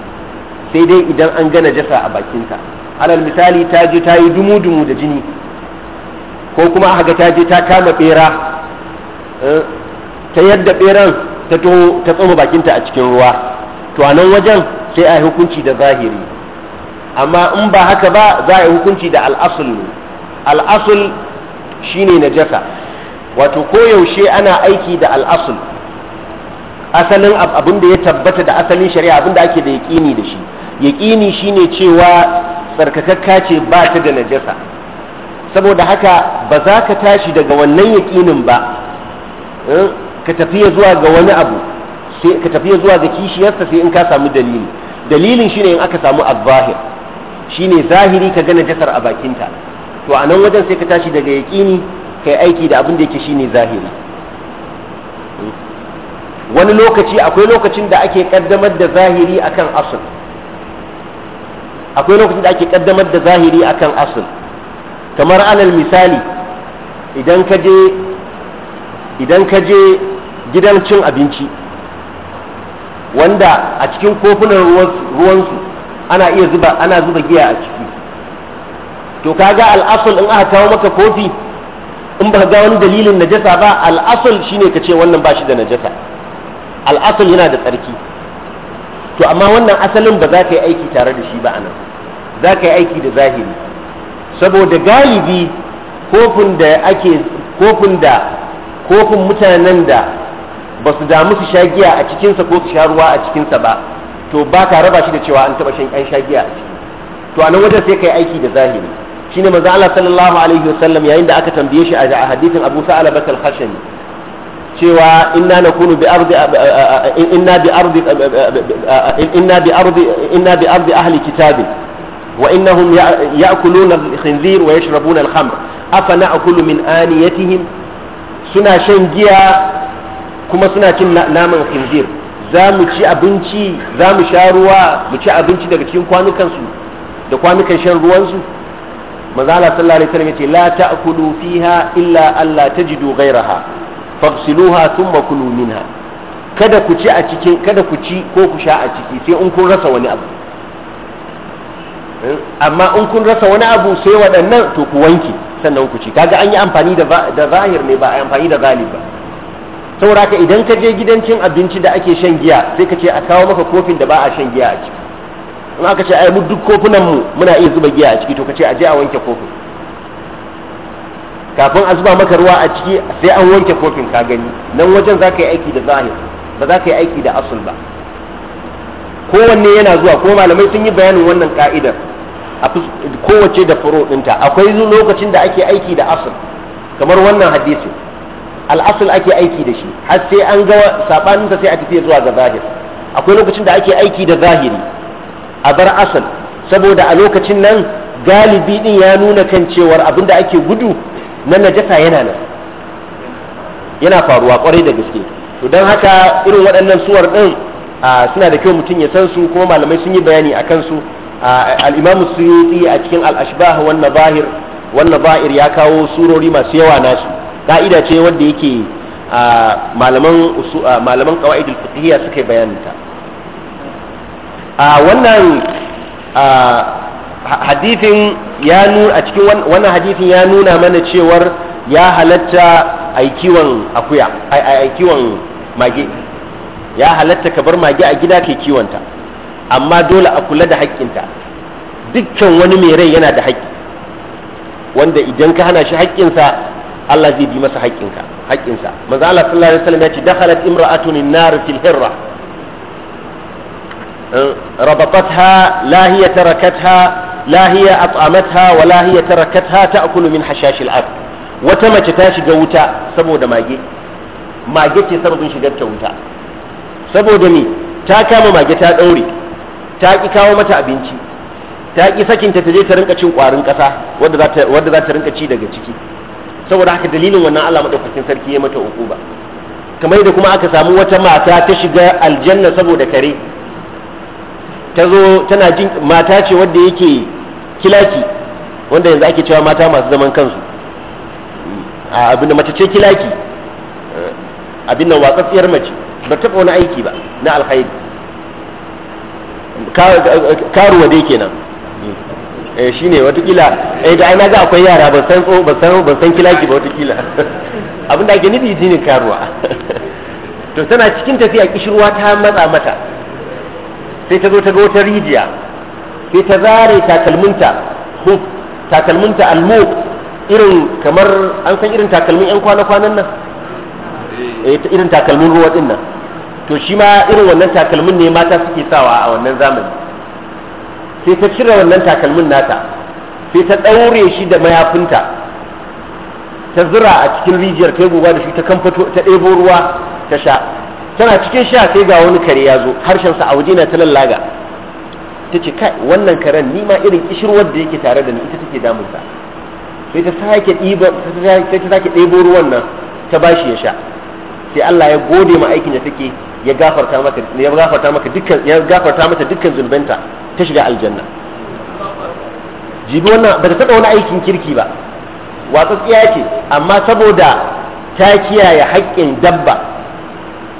sai dai idan an gana jasa a bakinta alal misali ta je ta yi dumu-dumu da jini ko kuma aka ga ta je ta kama bera eh, ta yadda beran ta taho ta tsoma bakinta a cikin ruwa to a nan wajen sai a yi hukunci da zahiri amma in ba haka ba za a yi hukunci da al'asul ne al'asul shine najasa wato koyaushe ana aiki da al'asul asalin abin da ya tabbata da asalin shari'a abin da ake da yaƙini da shi yaƙini shine cewa tsarkakakka ce ba ta da najasa saboda haka ba za ka tashi daga wannan yaƙinin ba eh, ka tafiya zuwa ga wani abu ka tafiya zuwa ga kishiyarsa sai in ka samu dalili dalilin shine in aka samu al shine zahiri ka ga najasar a bakinta to a nan wajen sai ka tashi daga yaƙini kai aiki da abin da yake shine zahiri wani lokaci akwai lokacin da ake kaddamar da zahiri akan asl akwai lokacin da ake kaddamar da zahiri akan asul kamar alal misali idan ka je idan ka je gidan cin abinci wanda a cikin kofunan ruwansu ana iya zuba ana zuba giya a ciki to kaga al'asul in aka kawo maka kofi in ba ga wani dalilin najasa ba al'asul shine ka ce wannan ba shi da najasa al'asul yana da tsarki to amma wannan asalin ba za ka yi aiki tare da shi ba anan za ka yi aiki da zahiri saboda galibi kofin da ake kofin da kofin mutanen da ba su damu su sha giya a cikinsa ko su sha ruwa a cikinsa ba to ba ka raba shi da cewa an taba shan an sha giya a ciki to a nan wajen sai ka yi aiki da zahiri shine manzo Allah sallallahu alaihi wasallam yayin da aka tambaye shi a hadithin Abu Sa'ala bakal khashani cewa inna nakunu bi ardi inna bi ardi ahli kitabin wa innahum ya'kuluna al-khinzir wa yashrabuna al-khamr afa na'kulu min aniyatihim suna shan giya kuma suna cin naman hinzir za mu ci abinci za mu sha ruwa mu ci abinci daga cikin kwanukansu da kwanukan shan ruwansu manzo Allah sallallahu alaihi wasallam la ta'kulu fiha illa alla tajidu ghayraha faghsiluha thumma kulu minha kada ku ci a cikin kada ku ci ko ku sha a ciki sai in kun rasa wani abu amma in kun rasa wani abu sai waɗannan to ku wanke sannan ku ci kaga an yi amfani da zahir ne ba a amfani da ba saboda ka idan ka je gidan cin abinci da ake shan giya sai ka ce a kawo maka kofin da ba a shan giya a ciki in aka ce ai mu duk kofunan mu muna iya zuba giya a ciki to ka ce a je a wanke kofin kafin a zuba maka ruwa a ciki sai an wanke kofin ka gani nan wajen za ka yi aiki da zahir ba za ka yi aiki da asul ba kowanne yana zuwa ko malamai sun yi bayanin wannan ka'idar a kowace da furo ɗinta akwai lokacin da ake aiki da asir kamar wannan hadisi al'asul ake aiki da shi har sai an ga sabaninsa sai a tafi zuwa ga zahir akwai lokacin da ake aiki da zahiri a bar asal saboda a lokacin nan galibi din ya nuna kan cewar abin da ake gudu na najasa yana nan yana faruwa kwarai da gaske to don haka irin waɗannan suwar ɗin. suna da kyau mutum ya san su kuma malamai sun yi bayani a kansu al-imamu suyuti a cikin al wanda wan nabahir ya kawo surori masu yawa nasu ka'ida ce wanda yake malaman malaman qawaidul fiqhiyya suka bayani ta wannan hadithin ya nuna a cikin wannan hadithin ya nuna mana cewar ya halatta aikiwan akuya aikiwan mage ya halatta ka bar mage a gida kai kiwonta amma dole a kula da haƙƙinta dukkan wani mai rai yana da haƙƙi wanda idan ka hana shi haƙƙinsa Allah zai bi masa haƙƙinka haƙƙinsa manzo Allah sallallahu alaihi wasallam ya ce dakhalat imra'atun an-nar fil hirra ربطتها لا هي تركتها لا هي أطعمتها ولا هي تركتها تأكل من حشاش الأرض وتمت تاشي mage سبو دماجي ماجي shigar ta wuta. saboda ni ta kama mage ta ɗaure ta ki kawo mata abinci ta ki sakinta ta je ta rinka cin kwarin ƙasa wadda za ta rinka ci daga ciki saboda haka dalilin wannan Allah madaukakin sarki ya mata ba kamar yadda kuma aka samu wata mata ta shiga aljanna saboda kare ta zo tana jin mata ce wadda yake kilaki wanda yanzu ake cewa mata masu zaman kansu abinda mace ce kilaki abin nan watsatsiyar mace ba taɓa wani aiki ba na alkhairi karuwa dai kenan eh ne watakila eh da na ga akwai yara ba san tso ba san ba san kilaki ba watakila abin da ake nufi ne karuwa to tana cikin tafiya kishirwa ta matsa mata sai ta zo ta ga wata rijiya sai ta zare takalminta takalminta almu irin kamar an san irin takalmin yan kwana-kwanan nan Eh, irin takalmin ruwa din nan to shi ma irin wannan takalmin ne mata suke sawa a wannan zamani sai ta cire wannan takalmin nata sai ta ɗaure shi da mayafinta ta zura a cikin rijiyar ta guga da shi ta kamfato ta ɗebo ruwa ta sha tana cikin sha sai ga wani kare ya zo harshensa a waje na ta lallaga ta ce kai wannan karen ni ma irin kishirwar da yake tare da ni ita take damunsa sai ta sake ɗebo ruwan nan ta bashi ya sha sai Allah ya gode ma aikin da take ya gafarta maka ya gafarta maka dukkan ya gafarta mata dukkan zunubanta ta shiga aljanna jibi wannan bata taba wani aikin kirki ba tsiya ce amma saboda ta kiyaye haƙƙin dabba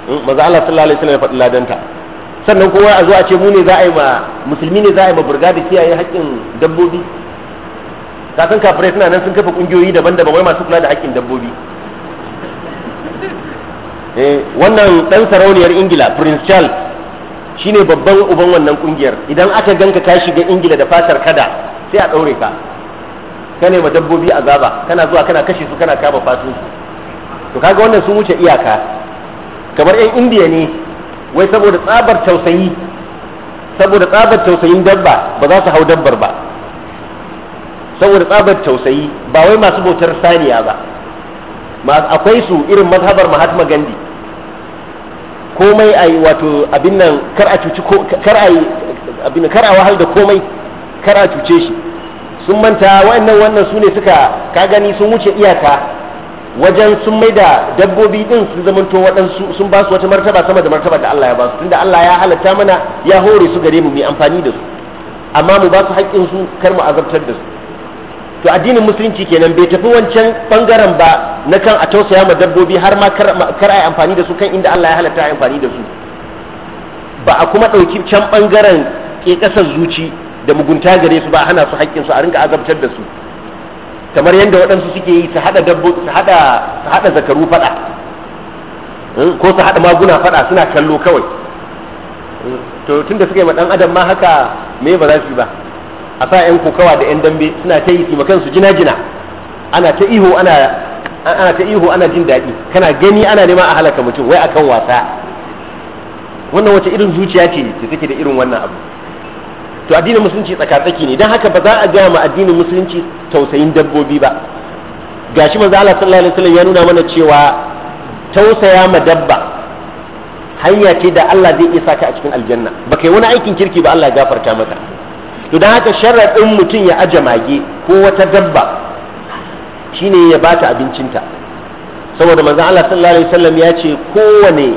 hmm, maza Allah sallallahu alaihi wasallam ya faɗi ladanta sannan kowa a zo a ce mu ne za a yi ma musulmi ne za a yi ma burga da kiyaye haƙƙin dabbobi kasan kafirai suna nan sun kafa ƙungiyoyi daban-daban wai masu kula da haƙƙin dabbobi Eh, wannan dan sarauniyar ingila prince charles shine babban uban wannan kungiyar idan aka ganka ka shiga ingila da fatar kada sai a ɗaure ka ka nema dabbobi a azaba kana zuwa kana kashe su kana kama fatun su to kaga wannan sun wuce iyaka kamar yan indiya ne wai saboda tsabar tausayi saboda tsabar tausayin dabba ba za su hau dabbar ba saboda tsabar tausayi ba wai masu bautar saniya ba akwai su irin mazhabar mahatma gandhi komai a yi wato abin nan kar a cuci ko kar a yi abin kar a wahal da komai kar a cuce shi sun manta wa'annan wannan su ne suka ka gani sun wuce iyaka wajen sun mai da dabbobi din sun zamanto waɗansu sun ba su wata martaba sama da martaba da Allah ya ba su tunda Allah ya halatta mana ya hore su gare mu mu amfani da su amma mu ba su haƙƙin su kar mu azabtar da su to addinin musulunci kenan bai tafi wancan bangaren ba na kan a tausaya ma dabbobi har ma kar ai amfani da su kan inda Allah ya halatta ai amfani da su ba a kuma ɗauki can bangaren ke kasar zuci da mugunta gare su ba hana su haƙƙin su a rinka azabtar da su kamar yadda waɗansu suke yi su haɗa dabbo su haɗa su haɗa zakaru faɗa hmm? ko su haɗa maguna faɗa suna kallo kawai hmm? to tunda suka yi ma ɗan adam ma haka me ba za su yi ba a sa yan kokawa da yan dambe suna ta yi su jina jina ana ta ihu ana ana jin daɗi kana gani ana nema a halaka mutum wai akan wasa wannan wace irin zuciya ce da take da irin wannan abu to addinin musulunci tsaka-tsaki ne don haka ba za a gaya ma addinin musulunci tausayin dabbobi ba gashi manzo Allah sallallahu alaihi wasallam ya nuna mana cewa tausaya ma dabba hanya ce da Allah zai sa ka a cikin aljanna ba kai wani aikin kirki ba Allah ya gafarta maka to da haka sharaɗin mutum ya aje mage ko wata dabba shine ya bata abincinta saboda manzon Allah sallallahu alaihi wasallam ya ce kowane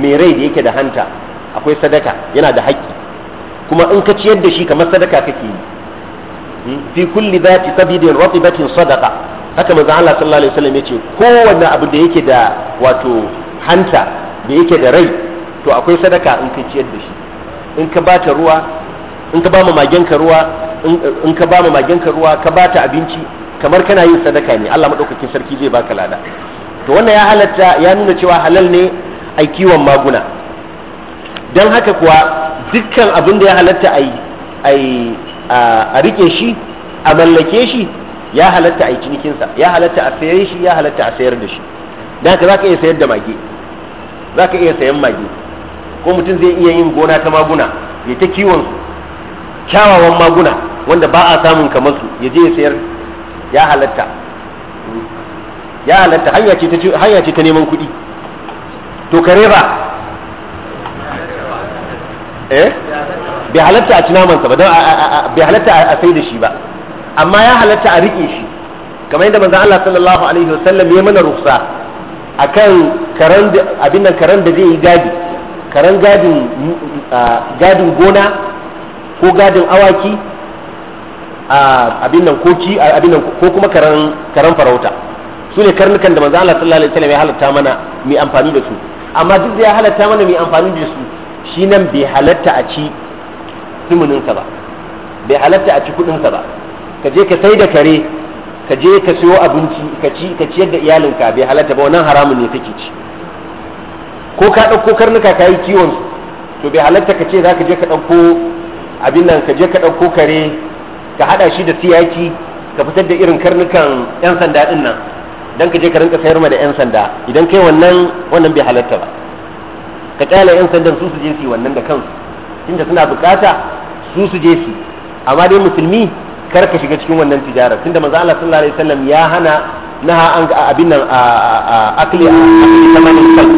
mai rai da yake da hanta akwai sadaka yana da haƙƙi kuma in ka ciyar da shi kamar sadaka kake yi hmm? fi kulli dhati sabidin ratibatin sadaqa haka manzon Allah sallallahu alaihi wasallam ya ce kowanne abu da yake da wato hanta da yake da rai to akwai sadaka in ka ciyar da shi in ka bata ruwa in ka ba mu magenka ruwa in ka ba mu ka ruwa ka bata ta abinci kamar kana yin sadaka ne Allah madaukakin sarki zai baka lada to wannan ya halatta ya nuna cewa halal ne a kiwon maguna don haka kuwa dukkan abin da ya halatta a rike shi a mallake shi ya halatta a cinikin cinikinsa ya halatta a sayar shi ya halatta a sayar da shi dan haka za ka iya sayar da mage zaka iya sayan mage ko mutum zai iya yin gona ta maguna ya ta kiwon su kyawawan maguna wanda ba a samun kamar su ya je ya sayar ya halatta ya halatta hanya ce ta neman kuɗi to kare ba eh bai halatta a ci ba don bai halatta a sai da shi ba amma ya halatta a riƙe shi kamar yadda manzon Allah sallallahu alaihi wasallam ya mana ruksa akan karan abin nan karan da zai yi gadi karan gadin gadin gona ko gadin awaki a abin nan koki abin nan ko kuma karan karan farauta su ne karnukan da manzo Allah sallallahu alaihi wasallam ya halatta mana mu amfani da su amma duk da ya halatta mana mu amfani da su shi nan bai halatta a ci sumunin ba bai halatta a ci kudin sa ba ka je ka sai da kare ka je ka siyo abinci ka ci ka ciyar da iyalinka bai halatta ba wannan haramun ne kake ci ko ka dauko karnuka ka yi kiwon su to bai halatta ka ce za ka je ka dauko abin nan ka je ka ɗauko kare ka haɗa shi da siyaki ka fitar da irin karnukan 'yan sanda ɗin nan don ka je ka rinka sayar ma da 'yan sanda idan kai wannan wannan bai halatta ba ka kyale 'yan sandan su su je su wannan da kansu inda suna bukata su su je su amma dai musulmi kar ka shiga cikin wannan tijara tunda manzo Allah sallallahu alaihi wasallam ya hana naha an abin nan a akli tamanin kal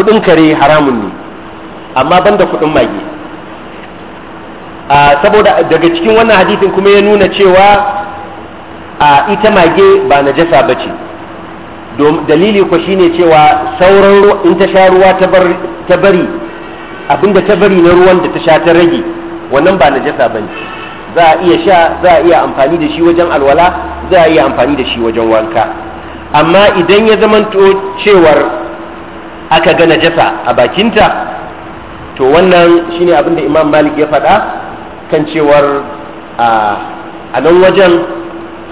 kudin kare haramun ne amma banda kudin mage saboda daga cikin wannan hadisin kuma ya nuna cewa a ita mage ba najasa ba ce dalili kwa shine cewa sauran in ta sha ruwa ta bari abinda ta bari na ruwan da ta sha ta rage wannan ba najasa ba ne za a iya sha za a iya amfani da shi wajen alwala za a iya amfani da shi wajen wanka amma idan ya zama cewar aka ga najasa a bakinta to wannan shine abinda imam malik ya faɗa kan cewar a nan wajen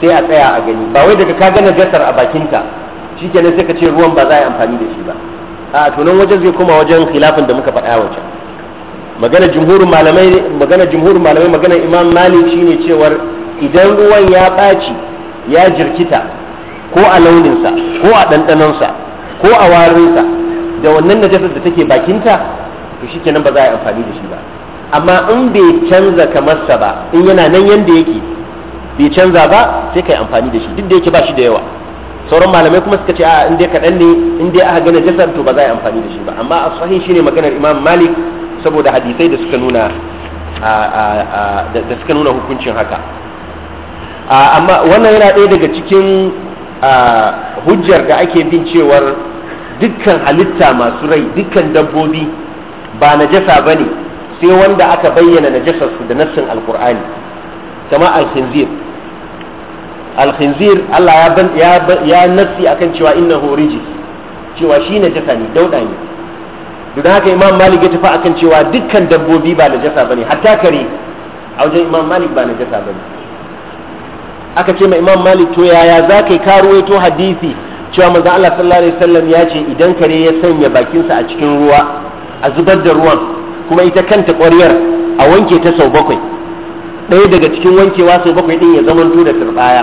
sai a tsaya a gani ba wai daga ka gana gasar a bakinta kenan sai ka ce ruwan ba za a yi amfani da shi ba a to nan wajen zai koma wajen khilafin da muka faɗa wajen magana jumhurin malamai magana jumhurin malamai magana imam malik shine cewar idan ruwan ya ɓaci ya jirkita ko a launinsa ko a ɗanɗanonsa ko a warinsa da wannan najasar da take bakinta to shikenan ba za a yi amfani da shi ba amma in bai canza kamarsa ba in yana nan yanda yake bai canza ba sai kai amfani da shi duk da yake ba shi da yawa sauran malamai kuma suka ce a in dai kaɗan ne in dai aka gane jasar to ba za a yi amfani da shi ba amma a sahi shine maganar imam malik saboda hadisai da suka nuna da suka nuna hukuncin haka amma wannan yana ɗaya daga cikin hujjar da ake bin cewar dukkan halitta masu rai dukkan dabbobi ba najasa ba ne sai wanda aka bayyana su da nassin alkur'ani kama alkhinzir alkhinzir Allah ya ya nassi akan cewa innahu rijis cewa shi najasa ne dauda ne don haka imam malik ya tafi akan cewa dukkan dabbobi ba najasa bane hatta kare a wajen imam malik ba najasa bane aka ce ma imam malik to yaya za ka to hadisi cewa manzon Allah sallallahu alaihi wasallam ya ce idan kare ya sanya bakinsa a cikin ruwa a zubar da ruwan kuma ita kanta ƙwaryar a wanke ta sau bakwai ɗaya daga cikin wankewa sau bakwai ɗin ya zama da turɓaya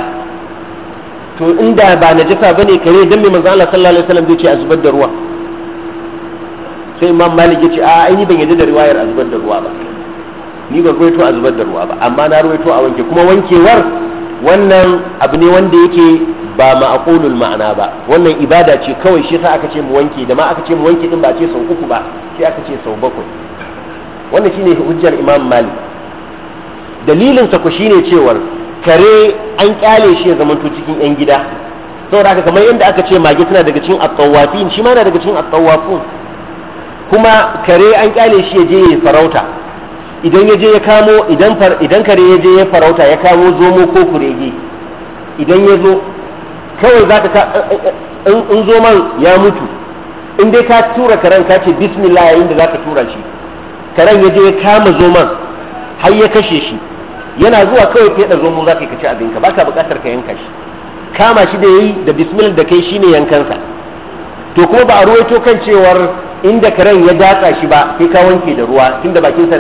to inda ba na ba ne kare don mai manzo Allah sallallahu alaihi wasallam zai ce a zubar da ruwa sai imam malik ya ce a ai ban yadda da riwayar a zubar da ruwa ba ni ba ruwaito a zubar da ruwa ba amma na ruwaito a wanke kuma wankewar wannan abu ne wanda yake ba ma'aqulul ma'ana ba wannan ibada ce kawai shi sa aka ce mu wanke da ma aka ce mu wanke din ba ce sau uku ba sai aka ce sau bakwai wannan shine hujjar imam mali dalilin sa ku shine cewar kare an kyale shi ya zamanto cikin yan gida saboda haka kamar yadda aka ce mage tana daga cikin at-tawafin shi ma yana daga cikin at-tawafun kuma kare an kyale shi ya je ya farauta idan ya je ya kamo idan idan kare ya je ya farauta ya kamo zomo ko kurege idan ya zo kawai za ka in zoman ya mutu in dai ka tura karen ka ce bismillah yayin da za ka tura shi karen ya je ya kama zoman har ya kashe shi yana zuwa kawai feɗa zomo za ka ci abinka ba ka bukatar ka yanka shi kama shi da yayi da bismillah da kai shine yankansa to kuma ba a ruwaito kan cewar inda karen ya datsa shi ba sai ka wanke da ruwa tunda bakin sa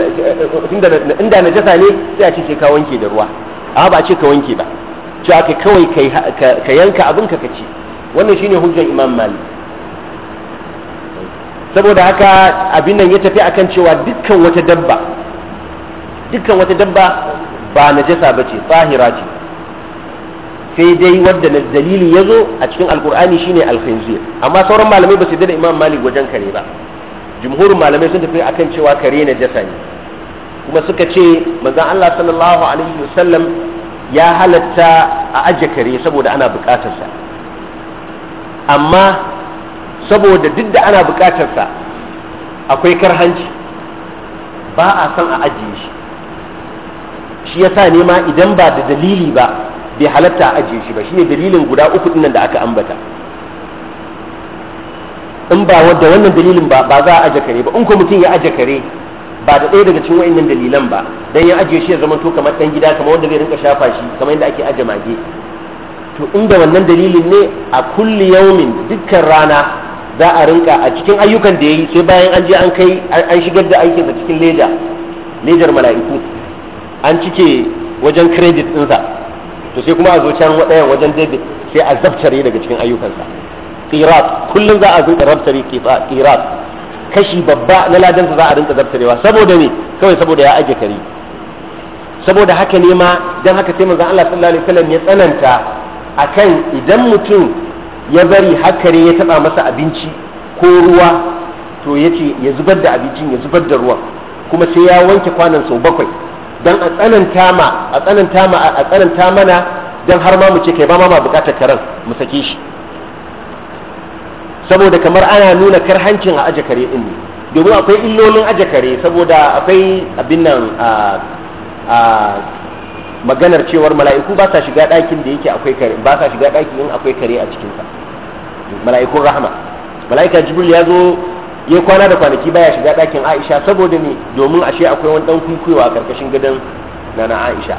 tunda inda jasa ne sai a ce sai ka wanke da ruwa a ba a ce ka wanke ba cewa kai kawai ka yanka abin ka ci wannan shine hujjar imam malik saboda haka abin nan ya tafi akan cewa dukkan wata dabba dukkan wata dabba ba najasa bace tsahira ce sai dai wadda na dalili ya zo a cikin alkur'ani shine alfinzir amma sauran malamai ba su da imam malik wajen kare ba jumhurin malamai sun tafi akan cewa kare najasa ne kuma suka ce manzon Allah sallallahu alaihi wasallam ya halatta a aje kare saboda ana bukatarsa amma saboda duk da ana bukatarsa akwai karhanci ba a san a ajiye shi shi yasa ne ma idan ba da dalili ba bai halatta a ajiye shi ba shine dalilin guda uku dinnan da aka ambata in ba wadda wannan dalilin ba ba za a aje kare ba in ko mutum ya aje kare ba da ɗaya daga cikin wa'annan dalilan ba dan ya ajiye shi ya zama to kamar dan gida kamar wanda zai rinka shafa shi kamar yadda ake aje mage to inda wannan dalilin ne a kulli yaumin dukkan rana za a rinka a cikin ayyukan da ya yi sai bayan an je an kai an shigar da aikinsa cikin leda ledar mala'iku an cike wajen credit ɗinsa to sai kuma a zo can waɗayan wajen debit sai a zabtare daga cikin ayyukansa qirat kullum za a zo rabtare qirat kashi babba na ladansa za a rinka zabtarewa saboda me kawai saboda ya aje kari saboda haka ne ma dan haka sai manzon Allah sallallahu alaihi wasallam ya tsananta akan idan mutum ya bari hakare ya taba masa abinci ko ruwa to ya ce ya zubar da abincin ya zubar da ruwan kuma sai ya wanke kwanan sau bakwai don a tsananta ma a tsananta ma a tsananta mana don har ma mu ce kai ba ma bukatar karen mu sake shi saboda kamar ana nuna karhancin a aje kare din ne domin akwai illolin aje kare saboda akwai abin nan a maganar cewar mala'iku ba sa shiga ɗakin da yake akwai kare ba sa shiga ɗakin in akwai kare a cikinsa mala'ikun rahama mala'ika jibril ya zo ya kwana da kwanaki baya shiga ɗakin aisha saboda ne domin ashe akwai wani ɗan kwikwiyo a ƙarƙashin gadon nana aisha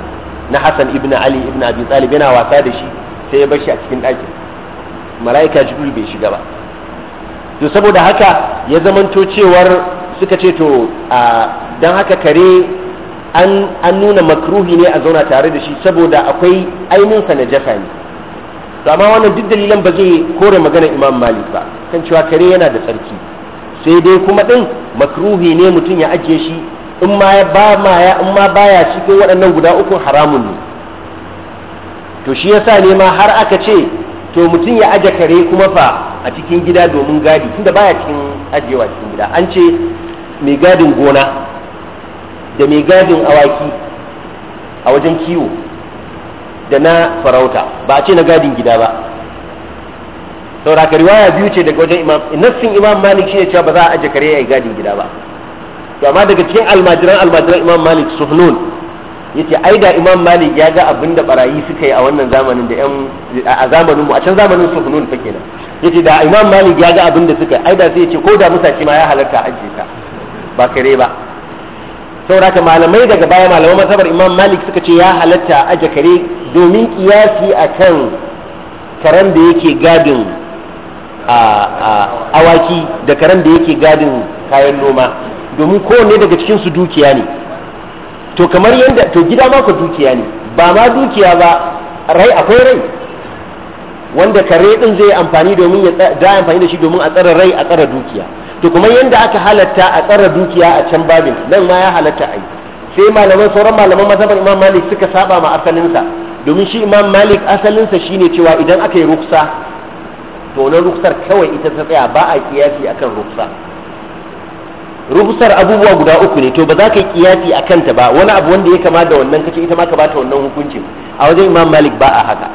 na hassan ibn ali ibn abi talib yana wasa da shi sai ya bar shi a cikin ɗakin mala'ika jibril bai shiga ba to saboda haka ya zamanto cewar suka ce to dan haka kare an nuna makruhi ne a zauna tare da shi saboda akwai ainihin sa jafa ne to amma wannan duk dalilan ba zai kore magana imam malik ba kan cewa kare yana da tsarki sai dai kuma din makruhi ne mutum ya ajiye shi in ma ya ba ma ya in ma baya cikin waɗannan guda uku haramun ne to shi yasa ne ma har aka ce to mutum ya aje kare kuma fa a cikin gida domin gadi tunda baya cikin ajiyewa cikin gida an ce mai gadin gona da mai gadin awaki a wajen kiwo da na farauta ba a ce na gadin gida ba sauraka riwaya biyu ce daga wajen imam nassin imam malik shine cewa ba za a aje kare ya yi gadin gida ba to amma daga cikin almajiran almajiran imam malik ya yace ai da imam malik ya ga abin da barayi suka yi a wannan zamanin da yan a zamanin mu a can zamanin suhnun fa kenan yace da imam malik ya ga abin da suka yi ai da sai ce ko da musa ma ya halarta aje ta ba kare ba saboda malamai daga baya malaman masabar imam malik suka ce ya halatta aje kare domin kiyasi a kan karen da yake gadin awaki da karen da yake gadin kayan noma domin kowanne daga cikin su dukiya ne to kamar yadda to gida ma ku dukiya ne ba ma dukiya ba rai akwai rai wanda kare din zai amfani domin ya amfani da shi domin a tsara rai a tsara dukiya to kuma yanda aka halatta a tsara dukiya a can babin nan ma ya halatta a yi sai malaman sauran malaman mazhabar imam malik suka saba ma asalinsa domin shi imam malik asalinsa shine cewa idan aka yi ruksa to wannan ruksar kawai ita ta tsaya ba a kiyasi akan ruksa ruksar abubuwa guda uku ne to ba za ka yi kiyasi akan ta ba wani abu wanda ya kama da wannan kace ita ma ka bata wannan hukuncin a wajen imam malik ba a haka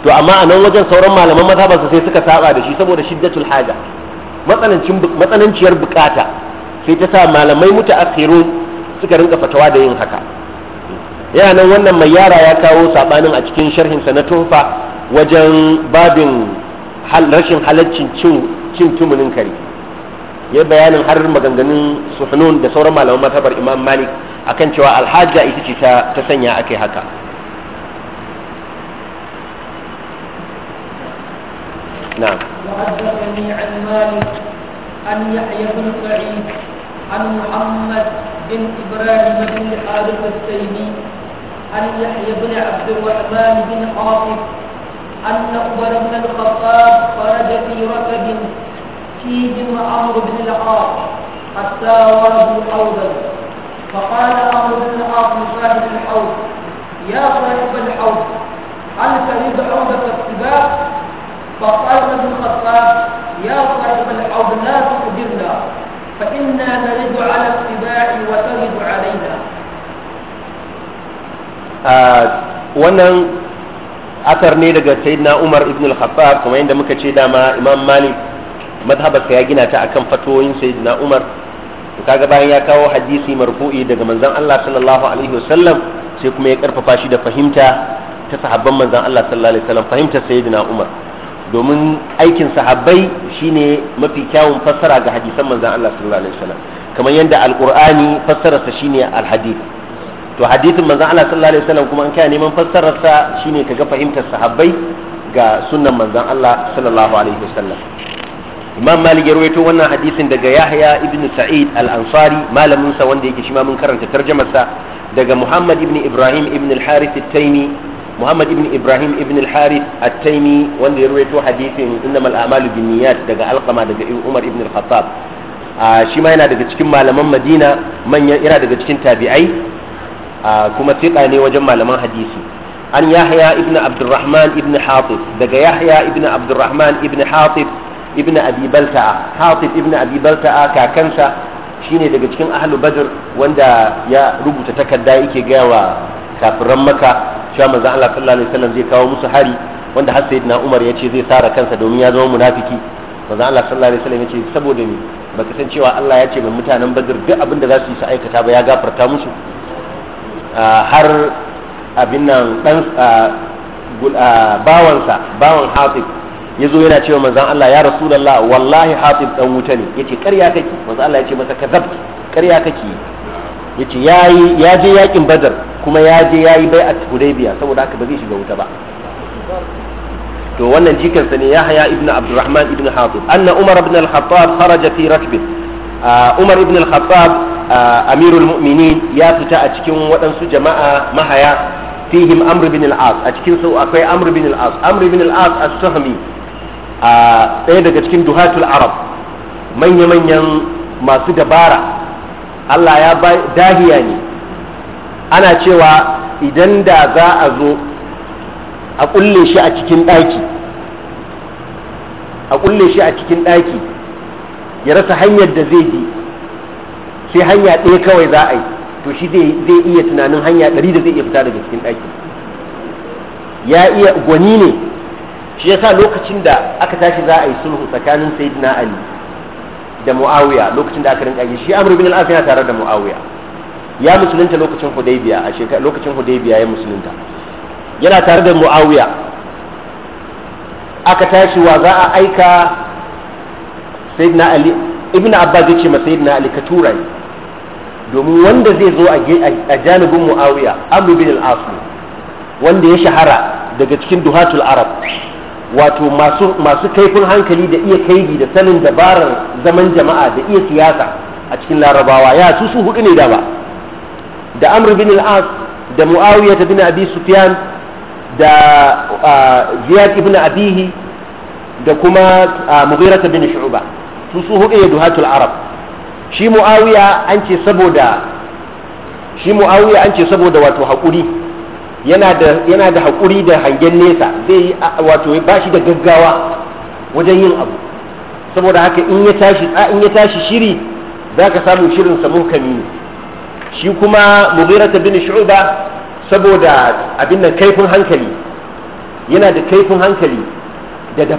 to amma a nan wajen sauran malaman mazhabarsa sai suka saba da shi saboda shiddatul haja matsananciyar bukata sai ta sa malamai mutaakhirun suka rinka fatawa da yin haka yana nan wannan mai yara ya kawo sabanin a cikin sharhin sa na tofa wajen babin rashin halaccin cin tumunin kare ya bayanin har maganganun suhunun da sauran malaman matabar imam malik akan cewa alhaja ita ce ta sanya akai haka na'am وحدثني عن مالك عن يحيى بن سعيد عن محمد بن ابراهيم بن حارث السيدي عن يحيى بن عبد الرحمن بن حافظ ان نقبل بن الخطاب خرج في ركب فيه عمرو بن العاص حتى وردوا حوضا فقال عمرو بن العاص لصاحب الحوض يا صاحب الحوض هل تريد حوضك السباق فقال ابن الخطاب يا صاحب العودنات أجرنا فإنا نرد على السباع وترد علينا wannan akar ne daga sayyidina Umar ibn al-Khattab kuma yadda muka ce dama Imam Malik madhabarsa ya gina ta akan fatoyin sayyidina Umar kaga bayan ya kawo hadisi marfu'i daga manzon Allah sallallahu alaihi wasallam sai kuma ya karfafa shi da fahimta ta sahabban manzon Allah sallallahu alaihi wasallam fahimtar sayyidina Umar domin aikin sahabbai shine mafi kyawun fassara ga hadisan manzon Allah sallallahu alaihi wasallam kamar yadda alqur'ani fassararsa shine alhadith to hadithin manzon Allah sallallahu alaihi wasallam kuma an kai neman fassararsa shine kaga fahimtar sahabbai ga sunnan manzon Allah sallallahu alaihi wasallam imam malik ya rawaito wannan hadisin daga yahya ibn sa'id al-ansari malamin sa wanda yake shi ma mun karanta tarjumar sa daga muhammad ibn ibrahim ibn al-harith at-taymi Muhammad ibn Ibrahim ibn al-Harith at wanda ya rawaito hadisin innamal a'malu daga Alqama daga Umar ibn al ah, shi yana daga cikin malaman Madina manyan ira daga cikin tabi'ai ah, kuma fiqa ne wajen malaman hadisi an Yahya ibn Abdurrahman ibn Hatib daga Yahya ibn Abdurrahman ibn Hatib ibn Abi Balta'a Hatib ibn Abi Balta'a kakansa shine daga cikin ahlu Badr wanda ya rubuta takarda yake gawa kafiran maka cewa manzo Allah sallallahu alaihi wasallam zai kawo musu hari wanda har sayyidina Umar ya ce zai sara kansa domin ya zama munafiki manzo Allah sallallahu alaihi wasallam ya ce saboda ni baka san cewa Allah ya ce ga mutanen Badr duk abin da za su yi su aikata ba ya gafarta musu har abin nan dan bawansa bawan Hafiz ya zo yana cewa manzan Allah ya rasulallah wallahi hafiz dan wuta ne yace ƙarya kake manzan Allah ya ce masa kazab ƙarya kake yace yayi ya je yakin badar kuma ya je ya yi bai a hudaybiya saboda haka ba zai shiga wuta ba to wannan jikansa ne yahya ibn abdurrahman ibn hatib anna umar ibn al-khattab kharaja fi rakbin ah, umar ibn al-khattab ah, amirul mu'minin ya fita a cikin waɗansu jama'a mahaya fihim amr ibn al-as a cikin su akwai amr ibn al-as amr ibn al-as as-sahmi ah, ɗaya daga cikin duhatul arab manya-manyan masu dabara Allah ya ba dahiya ne ana cewa idan da za a zo a kulle shi a cikin ɗaki a kulle shi a cikin ɗaki ya rasa hanyar da zai bi sai hanya ɗaya kawai za a yi to shi zai iya tunanin hanya ɗari da zai iya fita daga cikin ɗaki ya iya gwani ne shi ya sa lokacin da aka tashi za a yi sulhu tsakanin sayyidina ali da muawiya lokacin da aka rinka yi shi amr bin al tare da muawiya ya musulunta lokacin hudaybiya a shekara lokacin hudaybiya ya musulunta yana tare da muawiya aka tashi wa za a aika sayyidina ali ibnu abbas ya ce ma sayyidina ali ka tura ni domin wanda zai zo a janibin muawiya amru bin al-as wanda ya shahara daga cikin duhatul arab wato masu masu kaifin hankali da iya kaidi da sanin dabarar zaman jama'a da iya siyasa a cikin larabawa ya su su hudu ne da ba da amr bin al-as da muawiya bin abi sufyan da ziyad ibn abihi da kuma mughirata bin shu'ba su su hudu ya duhatul arab shi muawiya an ce saboda shi muawiya an ce saboda wato hakuri yana da yana da hakuri da hangen nesa zai yi wato ba shi da gaggawa wajen yin abu saboda haka in ya tashi in ya tashi shiri zaka samu shirin samun kamini shi kuma ta bin shu'ba saboda abin nan kaifin hankali yana da kaifin hankali da da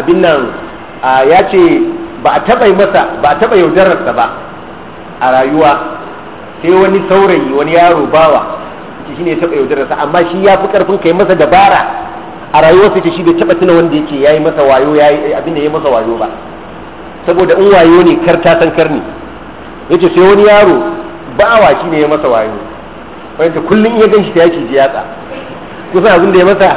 abin nan ya ce ba a taba masa ba a taɓa yaudararsa ba a rayuwa sai wani saurayi wani yaro bawa shi ne ya taba yaudararsa amma shi ya fi karfin kai masa dabara a rayuwa ce shi bai taba tuna wanda yake ya yi masa wayo ya yi abin da yayi masa wayo ba saboda in wayo ne kar ta san kar ne yace sai wani yaro bawa shi ne ya masa wayo wanda kullum ya ganshi ya ji yatsa kusa abin da ya masa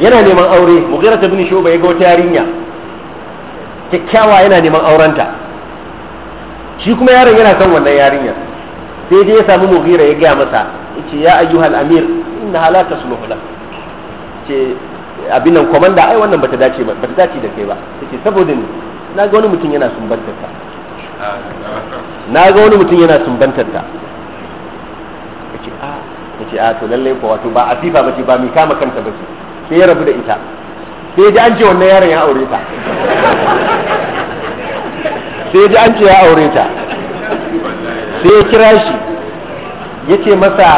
yana neman aure mugira ta bin ba ya ga wata yarinya kyakkyawa yana neman aurenta shi kuma yaron yana son wannan yarinya sai dai ya samu mugira ya gaya masa yace ya ayyuhal amir inna hala tasluhu lak ce abin nan komanda ai wannan bata dace ba bata dace da kai ba yace saboda ni na ga wani mutum yana sumbantar ka na ga wani mutum yana sumbantar ta kace a ah, kace a ah, to lalle ko wato ba asifa bace ba mi kama kanta bace sai ya rabu da ita sai ji an ce wannan yaron ya aure ta sai ji an ce ya aure ta sai ya kira shi ya ce masa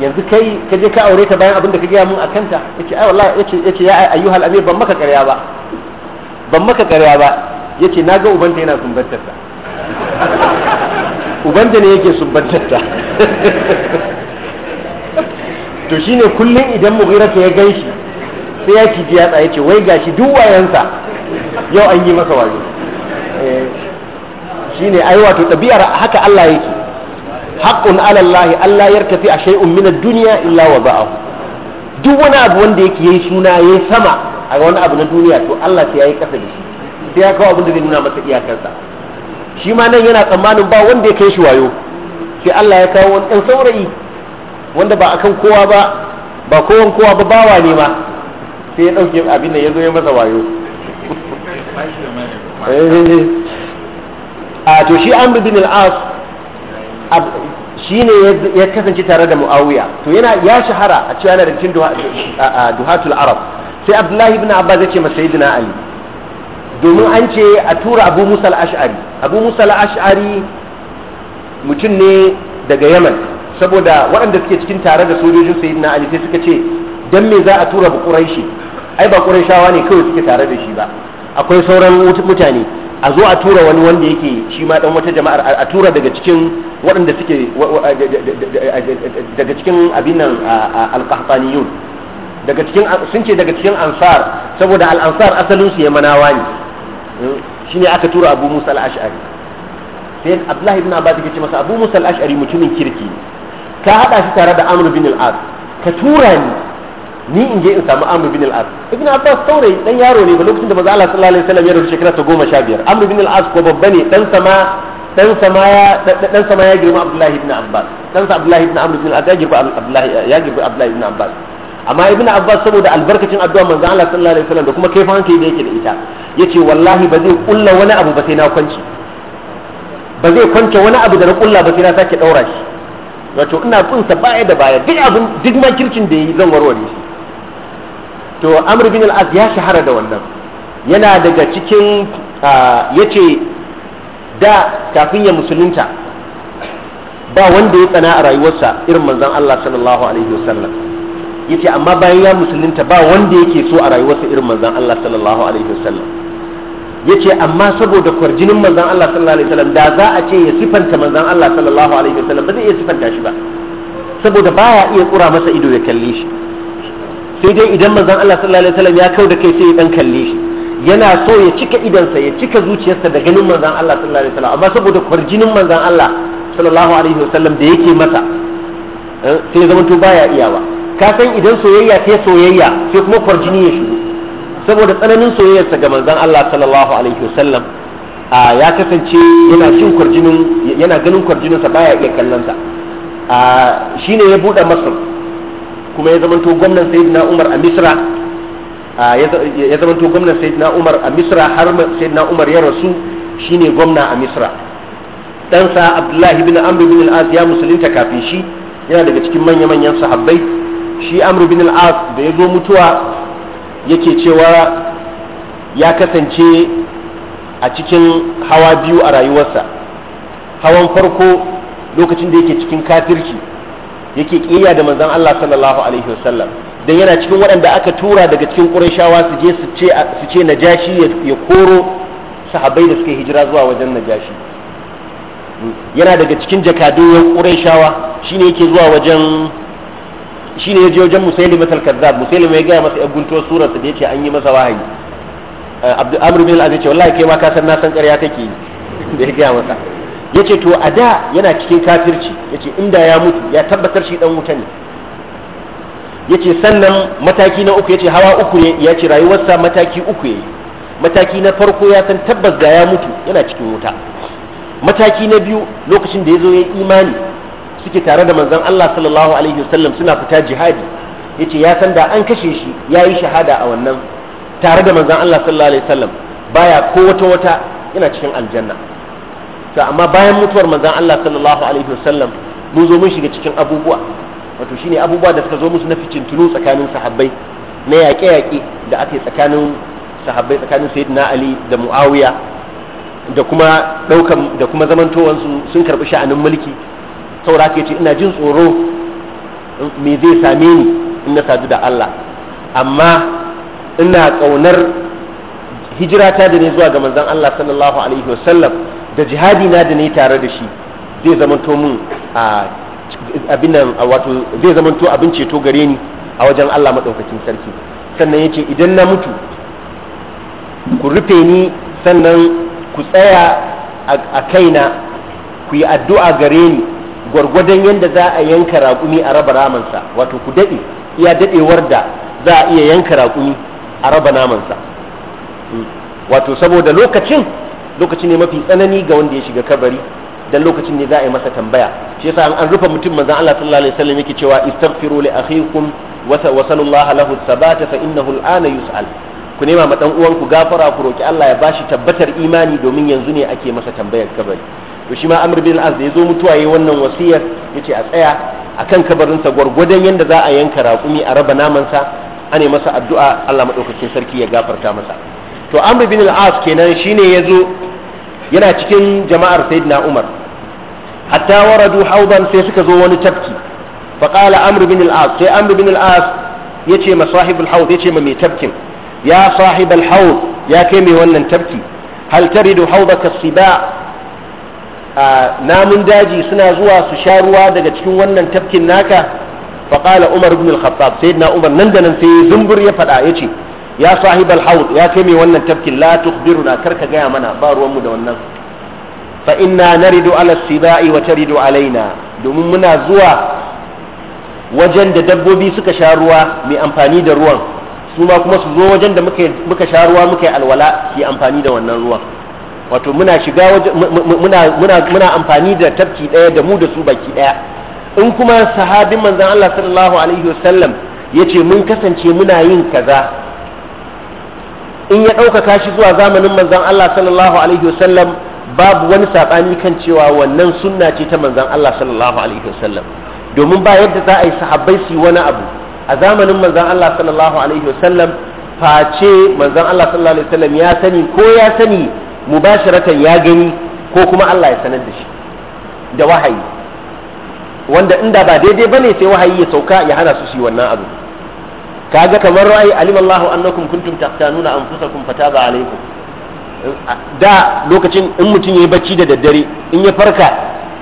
yanzu kai ka je ka aure ta bayan abinda ka gaya mun a kanta ya ce ai wallahi ya ce ya ayyuhal amir ban maka karya ba ban maka karya ba ya ce na ga ubanta yana sumbantar ta ubanta ne yake subbantatta to shine kullum idan mughirata ya gan shi sai ya ciji ya tsaye ce wai gashi duk wayansa yau an yi masa wayo eh, shine ai wato tabiyar haka Allah yake haqqun ala Allah Allah yartafi a shay'un min ad illa wa ba'ahu duk wani abu wanda yake yayi suna yayi sama a wani abu na duniya to Allah sai yayi kasa da shi sai ya kawo abin da zai nuna masa iyakarsa shi ma nan yana tsammanin ba wanda ya kai shi wayo sai Allah ya kawo wani ɗan saurayi wanda ba akan kowa ba ba kowan kowa ba bawa ne ma sai ya ɗauke abin da ya zo ya masa wayo a to shi an bin al'as as shi ne ya kasance tare da muawiya to yana ya shahara a cewa yana da cikin duhatul arab sai abdullahi ibn abbas ya ce masa sayyidina ali domin an ce a tura abu musa al-ash'ari abu musa al-ash'ari mutum ne daga yaman saboda waɗanda suke cikin tare da sojojin sayyidina na sai suka ce dan me za a tura ba quraishi ai ba quraishawa ne kawai suke tare da shi ba akwai sauran mutane a zo a tura wani wanda yake shi ma dan wata jama'ar a tura daga cikin waɗanda suke daga cikin abin nan al-qahtaniyun daga cikin sun ce daga cikin ansar saboda al-ansar asalin su yamanawa ne shine aka tura abu musa al'ashari sai abdullahi ibn abbas yake ce masa abu musa al'ashari mutumin kirki ka hada shi tare da amr bin al ka tura ni ni in je in samu amr bin al-as ibn abbas saurayi dan yaro ne ba lokacin da manzo Allah sallallahu alaihi ya rubuta shekara ta amr bin al amma ibn abbas saboda albarkacin addu'a manzo Allah sallallahu alaihi wasallam da kuma kai hankali da yake da ita yace wallahi ba zai kulla wani abu ba sai na kwanci ba zai kwance wani abu da na kulla ba sai na sake daura shi wato ina kunsa baya da baya duk abin duk kirkin da yayi zan warware shi to amr bin al-as ya shahara da wannan yana daga cikin yace da kafin ya musulunta ba wanda ya tsana a rayuwarsa irin manzon Allah sallallahu alaihi wasallam yace amma bayan ya musulunta ba wanda yake so a rayuwarsa irin manzon Allah sallallahu alaihi wasallam yace amma saboda kwarjinin manzon Allah sallallahu alaihi wasallam da za a ce ya sifanta manzon Allah sallallahu alaihi wasallam ba zai iya sifanta shi ba saboda baya iya kura masa ido ya kalle shi sai dai idan manzon Allah sallallahu alaihi wasallam ya kau da kai sai ya dan kalle shi yana so ya cika idansa ya cika zuciyarsa da ganin manzon Allah sallallahu alaihi wasallam amma saboda kwarjinin manzon Allah sallallahu alaihi wasallam da yake masa eh, sai ya zama to baya iyawa ka san idan soyayya ta soyayya sai kuma farjini ya shigo saboda tsananin soyayyarsa ga manzon Allah sallallahu alaihi wasallam a ya kasance yana jin kwarjinin yana ganin kwarjininsa baya iya kallon sa a shine ya bude Masar kuma ya zamanto gwamnan Sayyidina Umar a Misra ya zamanto gwamnan Sayyidina Umar a Misra har Sayyidina Umar ya rasu shine gwamna a Misra ɗansa Abdullahi ibn Amr bin al-As ya musulunta kafin shi yana daga cikin manya-manyan sahabbai shi amru bin al-as da ya zo mutuwa yake cewa ya kasance a cikin hawa biyu a rayuwarsa hawan farko lokacin da yake cikin kafirci yake kiyaya da manzon Allah sallallahu alaihi wasallam dan yana cikin waɗanda aka tura daga cikin Qurayshawa su je su ce su ce Najashi ya koro sahabbai da suka hijira zuwa wajen Najashi yana daga cikin jakadun Qurayshawa shine yake zuwa wajen shine je wajen musailima al-kazzab musailima ya gaya masa ya gunto surar sa da yace an yi masa wahayi eh, abdu amr bin al-aziz ce wallahi kai ma ka san na san ƙarya kake yi da ya gaya masa yace to a da yana cikin kafirci yace inda ya mutu ya tabbatar shi dan wuta ne yace sannan mataki na uku yace hawa uku ne yace rayuwarsa mataki uku yayi mataki na farko ya san tabbas da ya mutu yana cikin wuta mataki na biyu lokacin da ya zo ya imani suke tare da manzon Allah sallallahu alaihi wasallam suna fita jihadi yace ya san da an kashe shi ya yi shahada a wannan tare da manzon Allah sallallahu alaihi wasallam baya ko wata wata ina cikin aljanna to amma bayan mutuwar manzon Allah sallallahu alaihi wasallam mun zo mun shiga cikin abubuwa wato shine abubuwa da suka zo musu na ficintunu tsakanin sahabbai na yaƙe-yaƙe da aka yi tsakanin sahabbai tsakanin sayyidina Ali da Muawiya da kuma daukan da kuma zamantowansu sun karɓi sha'anin mulki saura ke ce ina jin tsoro me zai same ni in na sadu da Allah amma ina ƙaunar hijirata da ne zuwa ga manzon Allah sallallahu alaihi wasallam da jihadi na da ne tare da shi zai zamanto mun a abin wato zai zamanto abin ceto gare ni a wajen Allah madaukakin sarki sannan yace idan na mutu ku rufe ni sannan ku tsaya a kaina ku yi addu'a gare ni gwargwadon yadda za a yanka raƙumi a raba namansa wato ku daɗe iya daɗewar da za a iya yanka raƙumi a raba namansa hmm. wato saboda lokacin lokaci ne mafi tsanani ga wanda ya shiga kabari dan lokacin ne za a yi masa tambaya shi yasa an rufe mutum manzon Allah sallallahu alaihi wasallam yake cewa istaghfiru li akhikum wa sallallahu lahu sabata fa innahu al'ana yus'al ku nema ma dan uwanku gafara ku roki Allah ya bashi tabbatar imani domin yanzu ne ake masa tambayar kabari to shi ma bin as da ya zo mutuwa yi wannan wasiyar yace a tsaya akan kabarinsa gwargwadon yadda za a yanka raƙumi a raba namansa ane masa addu'a Allah madaukakin sarki ya gafarta masa to amir bin al kenan shine yazo yana cikin jama'ar sayyidina umar hatta waradu haudan sai suka zo wani tafki fa qala amr bin al-as sai amr bin al-as yace ma sahibul haud yace ma mai tafkin ya sahibul haud ya kai mai wannan tafki hal taridu haudaka siba namun daji suna zuwa su sha ruwa daga cikin wannan tafkin naka faƙala umar ibn al-khattab sai na umar nan da nan sai zumbur ya fada ya ce ya sahib al-haud ya kai mai wannan tafkin la tukhbiruna karka gaya mana ba ruwanmu da wannan fa inna naridu ala sibai wa taridu alaina domin muna zuwa wajen da dabbobi suka sha ruwa mai amfani da ruwan su ma kuma su zo wajen da muka sha ruwa muka yi alwala ke amfani da wannan ruwan wato muna shiga muna muna muna amfani da tafki daya da mu da su baki daya in kuma sahabin manzon Allah sallallahu alaihi wasallam yace mun kasance muna yin kaza in ya ɗaukaka shi zuwa zamanin manzon Allah sallallahu alaihi wasallam babu wani saɓani kan cewa wannan sunna ce ta manzon Allah sallallahu alaihi wasallam domin ba yadda za a yi sahabbai su wani abu a zamanin manzon Allah sallallahu alaihi wasallam face manzon Allah sallallahu alaihi wasallam ya sani ko ya sani mubasharatan ya gani ko kuma Allah ya sanar da shi da wahayi wanda inda ba daidai bane sai wahayi ya sauka ya hana su shi wannan abu kaga kamar ra'ayi alimallahu annakum kuntum taqtanuna anfusakum fataba alaykum da lokacin in mutum yayi bacci da daddare in ya farka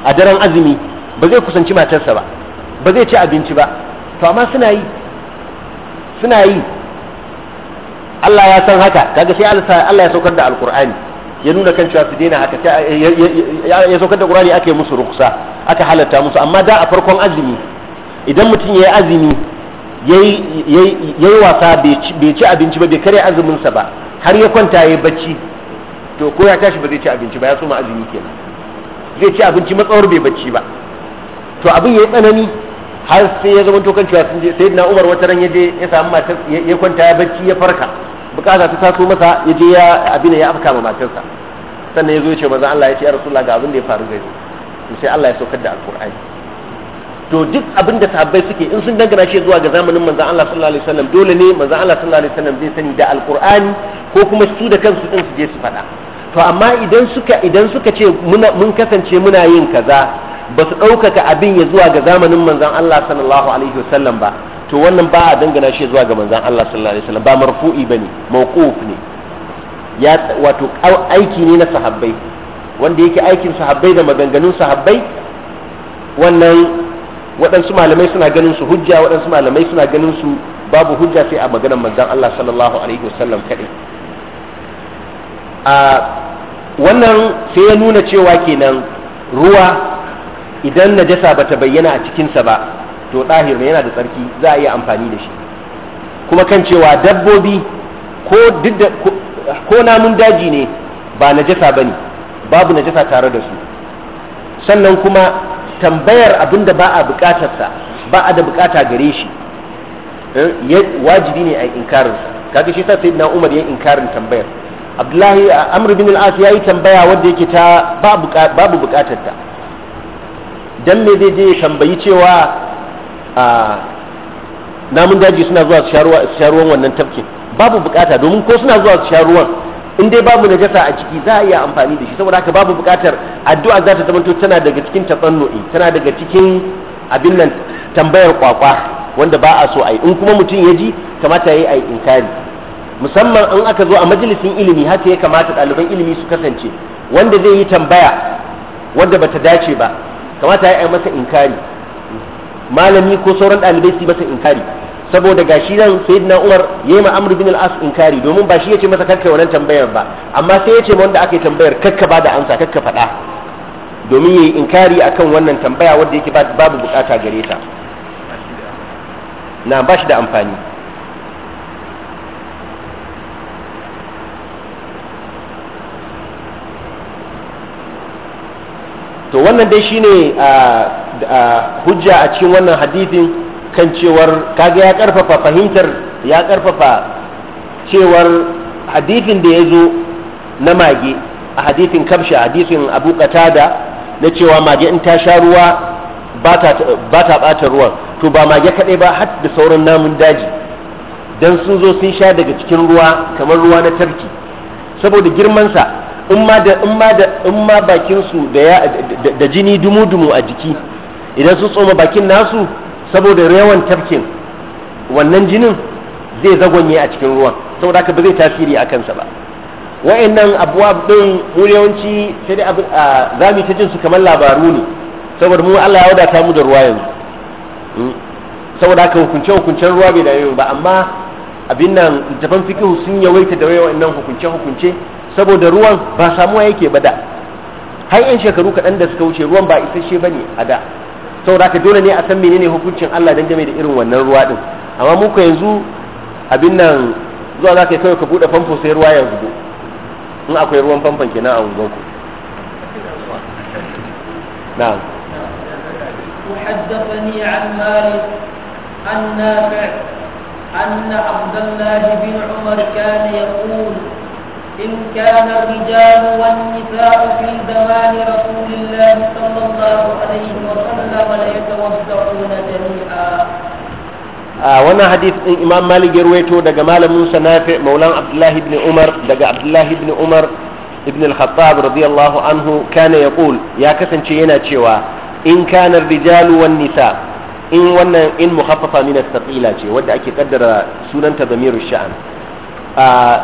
a daren azumi ba zai kusanci matarsa ba ba zai ci abinci ba to amma suna yi suna yi Allah ya san haka kaga sai Allah ya saukar da alkur'ani ya nuna kan cewa su daina haka ya saukar da qur'ani ake musu rukusa aka halatta musu amma da a farkon azumi idan mutum ya yi azumi ya yi wasa bai ci abinci ba bai karya azuminsa ba har ya kwanta ya yi bacci to ko ya tashi ba zai ci abinci ba ya soma azumi kenan zai ci abinci matsawar bai bacci ba to abin ya yi tsanani har sai ya zama tokan cewa sai na umar wata ran ya je ya samu matar ya kwanta ya bacci ya farka bukata ta taso masa ya je ya abin ya afka ma matarsa sannan ya zo ya ce maza Allah ya ce ya rasulullah ga abin da ya faru gari to sai Allah ya saukar da alqur'ani to duk abin da sahabbai suke in sun dangana shi zuwa ga zamanin manzon Allah sallallahu alaihi wasallam dole ne manzon Allah sallallahu alaihi wasallam zai sani da alqur'ani ko kuma su da kansu din su je su faɗa to amma idan suka idan suka ce mun kasance muna yin kaza ba su ɗaukaka abin ya zuwa ga zamanin manzon Allah sallallahu alaihi wasallam ba to wannan ba a dangana shi zuwa ga manzan Allah sallallahu alaihi wasallam ba marfu'i bane mawquf ne ya wato aiki ne na sahabbai wanda yake aikin sahabbai da maganganun sahabbai wannan waɗansu malamai suna ganin su hujja waɗansu malamai suna ganin su babu hujja sai a maganar manzan Allah sallallahu alaihi wasallam kadai a wannan sai ya nuna cewa kenan ruwa idan najasa bata bayyana a cikinsa ba to ɗahir ne yana da tsarki za a iya amfani da shi kuma kan cewa dabbobi ko namun daji ne ba najasa ba ne babu najasa tare da su sannan kuma tambayar abin da ba a bukatarsa ba a da bukata gare shi eh, wajibi ne a inkarinsa kaga shi sa sayyidina umar ya inkarin tambayar abdullahi amr bin al-as yayi tambaya wanda yake ta babu bukatar ta dan me zai je ya tambayi cewa a namun daji suna zuwa su sha ruwan wannan tafkin babu bukata domin ko suna zuwa su sha ruwan in dai babu najasa a ciki za a iya amfani da shi saboda haka babu bukatar addu'a za ta zamanto tana daga cikin tafannu'i tana daga cikin abin nan tambayar kwakwa wanda ba a so a yi in kuma mutum ya ji kamata ya yi a yi inkari musamman in aka zo a majalisin ilimi haka ya kamata ɗaliban ilimi su kasance wanda zai yi tambaya wanda bata dace ba kamata ya yi masa inkari malami ko sauran ɗalibai su masa inkari saboda gashi nan sayyidina Umar yayi ma Amr bin al-As inkari domin ba shi yace masa kakka wannan tambayar ba amma sai yace ma wanda aka yi tambayar kakka ba da amsa kakka faɗa domin yayi inkari akan wannan tambaya wanda yake babu bukata gare ta na ba da amfani to wannan dai shine a ah, hujja a cikin wannan hadithin kan cewar kaga ya karfafa fahimtar ya karfafa cewar hadithin da ya zo na mage a hadithin kabsha hadithin abu qatada na cewa mage in ta sha ruwa ba ta bata ruwan to ba mage kadai ba har da sauran namun daji dan sun zo sun sha daga cikin ruwa kamar ruwa na tarki saboda girmansa in ma da in ma da in ma bakin su da jini dumu-dumu a jiki idan sun tsoma bakin nasu saboda yawan tafkin wannan jinin zai zagonye a cikin ruwan saboda haka ba zai tasiri a kansa ba wa'annan abuwa din mu sai dai za mu ta jin su kamar labaru ne saboda mu Allah ya wadata mu da ruwa yanzu hmm? saboda haka hukunce hukuncen ruwa bai da yau ba amma abin nan littafan fikihu sun yawaita da wa'annan hukunce hukunce saboda ruwan ba samuwa yake ba da har yan shekaru kaɗan da suka wuce ruwan ba isasshe ba ne a da saboda haka dole ne a san menene hukuncin Allah dan game da irin wannan ruwa din amma mu ko yanzu abin nan zuwa za ka yi kawai ka buɗe famfo sai ruwa ya in akwai ruwan famfon kenan a unguwanku na'am وحدثني عن مالك عن نافع أن عبد الله بن عمر كان يقول إن كان الرجال والنساء في زمان رسول الله صلى الله عليه وسلم ليتوسعون جميعا آه وانا حديث امام مالك يرويته دقا مال موسى نافع مولان عبد الله بن عمر دقا عبد الله بن عمر ابن الخطاب رضي الله عنه كان يقول يا كسن شينا شوا ان كان الرجال والنساء ان وانا ان مخففه من الثقيله ودا اكي قدر سنن تضمير الشان آه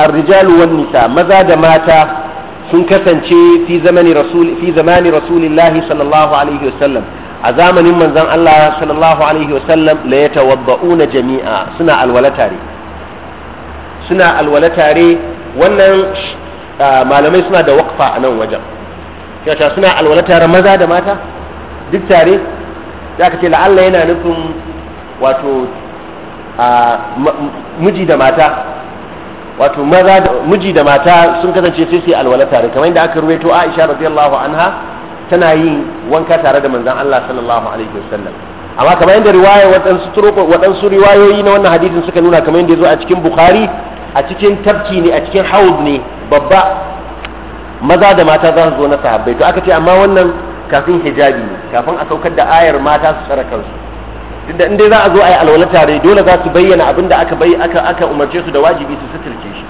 الرجال والنساء ماذا دماتا sun kasance fi zamani rasul fi zamani rasulillahi sallallahu alaihi wasallam a zamanin manzon Allah sallallahu alaihi wasallam la yatawadda'una jami'a suna alwala tare tare wannan malamai suna da waqfa a nan wajen yata suna alwala tare maza da mata duk tare zaka ce la'alla yana nufin wato miji da mata wato maza miji da mata sun kasance sai su yi alwala tare kamar yadda aka ruwaito Aisha radiyallahu anha tana yin wanka tare da manzon Allah sallallahu alaihi wasallam amma kamar yadda riwaya waɗansu waɗansu riwayoyi na wannan hadisin suka nuna kamar yadda yazo a cikin Bukhari a cikin tabki ne a cikin haud ne babba maza da mata za su zo na sahabbai to aka ce amma wannan kafin hijabi ne kafin a saukar da ayar mata su tsara kansu tunda in dai za a zo a yi alwala tare dole za su bayyana abin da aka aka aka umarce su da wajibi su sutirce shi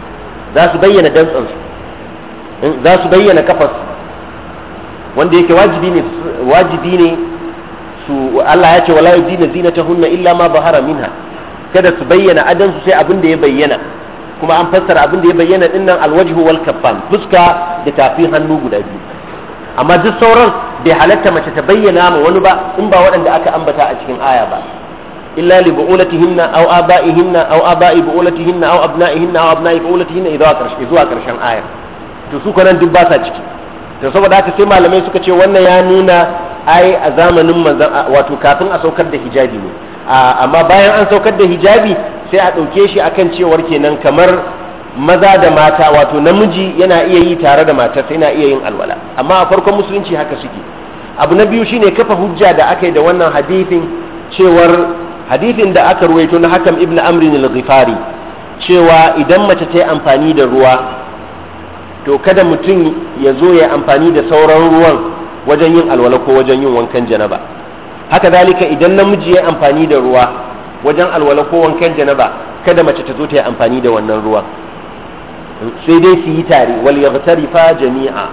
za su bayyana dantsan su za su bayyana kafas wanda yake wajibi ne wajibi ne su Allah ya ce wala yudina zinatahunna illa ma bahara minha kada su bayyana adan su sai abin da ya bayyana kuma an fassara abin da ya bayyana dinnan alwajhu wal kaffan fuska da tafi hannu guda biyu amma duk sauran bai halatta mace ta bayyana ma wani ba in ba waɗanda aka ambata a cikin aya ba illa li bu'ulatihinna aw aba'ihinna aw aba'i bu'ulatihinna aw abna'ihinna aw abna'i bu'ulatihinna idza karshe zuwa karshen aya to su kanan duk ba sa ciki to saboda haka sai malamai suka ce wannan ya nuna ai a zamanin manzon wato kafin a saukar da hijabi ne amma bayan an saukar da hijabi sai a ɗauke shi akan cewar kenan kamar maza da mata wato namiji yana iya yi tare da matarsa yana iya yin alwala amma a farkon musulunci haka suke abu na biyu shine kafa hujja da aka yi da wannan hadithin cewar hadithin da aka ruwaito na hakan ibnu amri al-ghifari cewa idan mace ta yi amfani da ruwa to kada mutum ya zo ya amfani da sauran ruwan wajen yin alwala ko wajen yin wankan janaba haka zalika idan namiji ya amfani da ruwa wajen alwala ko wankan janaba kada mace ta zo ta yi amfani da wannan ruwan sai dai su yi tare wal yaghtarifa jami'a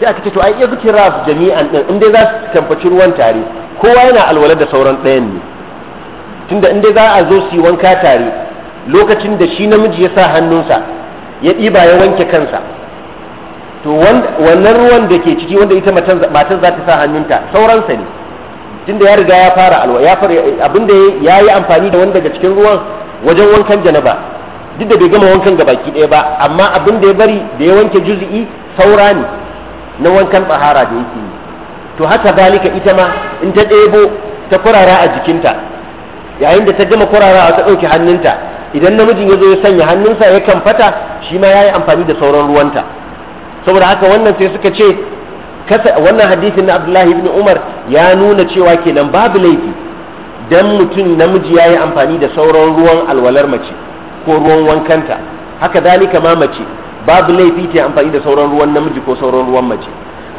sai aka ce to ai ightiraf jami'an din inda za su tambaci ruwan tare kowa yana alwala da sauran ɗayan ne tunda inda za a zo su yi wanka tare lokacin da shi namiji ya sa hannunsa ya ɗiba ya wanke kansa to wannan ruwan da ke ciki wanda ita matan za ta sa hannunta sauransa ne tunda ya riga ya fara alwa ya fara abinda ya yi amfani da wani daga cikin ruwan wajen wankan janaba duk da bai gama wankan ga baki ɗaya ba amma abin da ya bari da ya wanke juz'i saura ne na wankan tsahara da yake yi to haka zalika ita ma in ta ɗebo ta kurara a jikinta yayin da ta gama kurara ta ɗauki hannunta idan namijin ya zo ya sanya hannunsa ya kan fata shi ma ya yi amfani da sauran ruwanta saboda haka wannan sai suka ce wannan hadisin na abdullahi ibn umar ya nuna cewa kenan babu laifi dan mutum namiji ya yi amfani da sauran ruwan alwalar mace ko ruwan wankanta haka dalika ma mace babu laifi ta amfani da sauran ruwan namiji ko sauran ruwan mace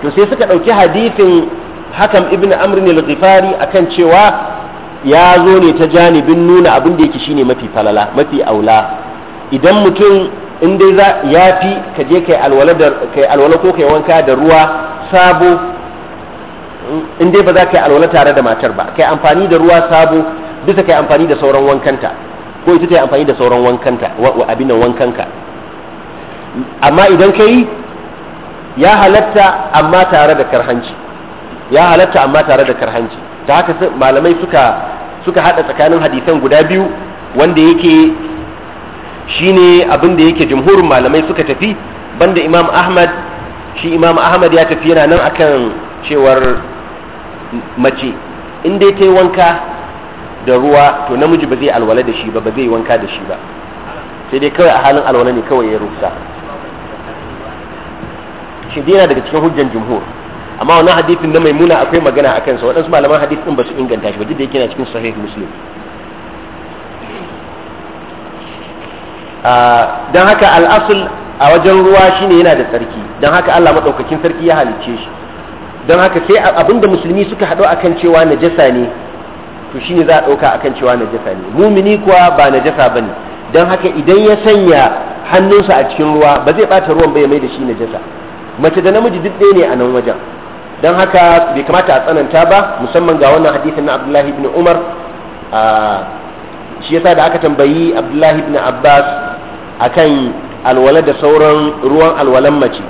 to sai suka ɗauki hadisin hakan ibn amr ne al-ghifari akan cewa ya zo ne ta janibin nuna abin da yake shine mafi falala mafi aula idan mutum in dai za ya fi ka je kai alwala kai alwala ko kai wanka da ruwa sabo in dai ba za ka yi alwala tare da matar ba kai amfani da ruwa sabo bisa kai amfani da sauran wankanta ko ita ta yi amfani da sauran wankanta abin da wankanka amma idan ka yi ya halatta amma tare da karhanci ya halatta amma tare da karhanci ta haka malamai suka suka hada tsakanin hadisan guda biyu wanda yake shine abin da yake jumhurin malamai suka tafi banda imam ahmad shi imam ahmad ya tafi yana nan akan cewar mace in dai ta yi wanka da ruwa to namiji ba zai alwala da shi ba ba zai wanka da shi ba sai dai kawai a halin alwala ne kawai ya rufsa shi dai yana daga cikin hujjan jumhur amma wannan hadithin na maimuna akwai magana a kansa waɗansu malaman hadith din ba su inganta shi ba duk da yake yana cikin sahih muslim ah, don haka al'asul a wajen ruwa shine yana da tsarki don haka Allah maɗaukakin sarki ya halicce shi don haka sai abinda musulmi suka haɗu akan cewa najasa ne to shi ne za a ɗauka akan cewa najasa ne mumini kuwa ba najasa ne don haka idan ya sanya hannunsa a cikin ruwa ba zai ɓata ruwan ba ya mai da shi najasa mace da namiji duk ɗaya ne a nan wajen don haka bai kamata a tsananta ba musamman ga wannan hadisin na abdullahi ibn umar shi yasa da aka tambayi abdullahi ibn abbas akan alwala da sauran ruwan alwalan mace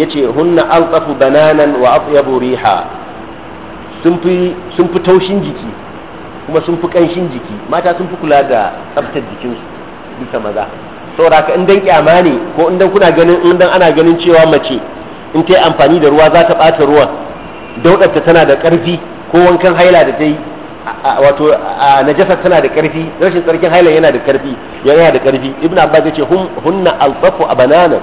ya ce hunna alqafu bananan wa atyabu riha sun fi taushin jiki kuma sun fi kanshin jiki mata sun fi kula da tsaftar jikinsu bisa maza saboda haka in dan kyama ne ko in dan kuna ganin in ana ganin cewa mace in ta yi amfani da ruwa za ta ɓata ruwan daudarta tana da ƙarfi ko wankan haila da ta yi wato a najasa tana da ƙarfi rashin tsarkin haila yana da ƙarfi yana da ƙarfi ibn abbas ya ce hunna alfafu a banana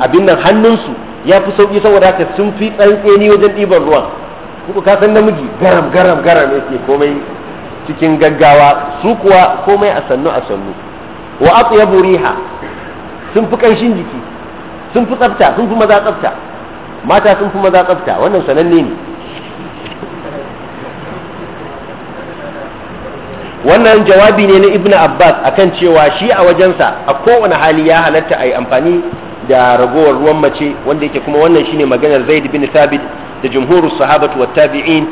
abin nan hannunsu ya fi sauƙi saboda haka sun fi tsantseni wajen ɗiban ruwan kuma ka san namiji garam garam garam yake komai cikin gaggawa su kuwa komai a sannu a sannu wa atyabu riha sun fi kanshin jiki sun fi tsafta sun fi maza tsafta mata sun fi maza tsafta wannan sananne ne wannan jawabi ne na ibnu abbas akan cewa shi a wajensa a kowane hali ya halatta a yi amfani da ragowar ruwan mace wanda yake kuma wannan shine maganar zaid bin thabit da jumhurus sahabatu wa tabi'in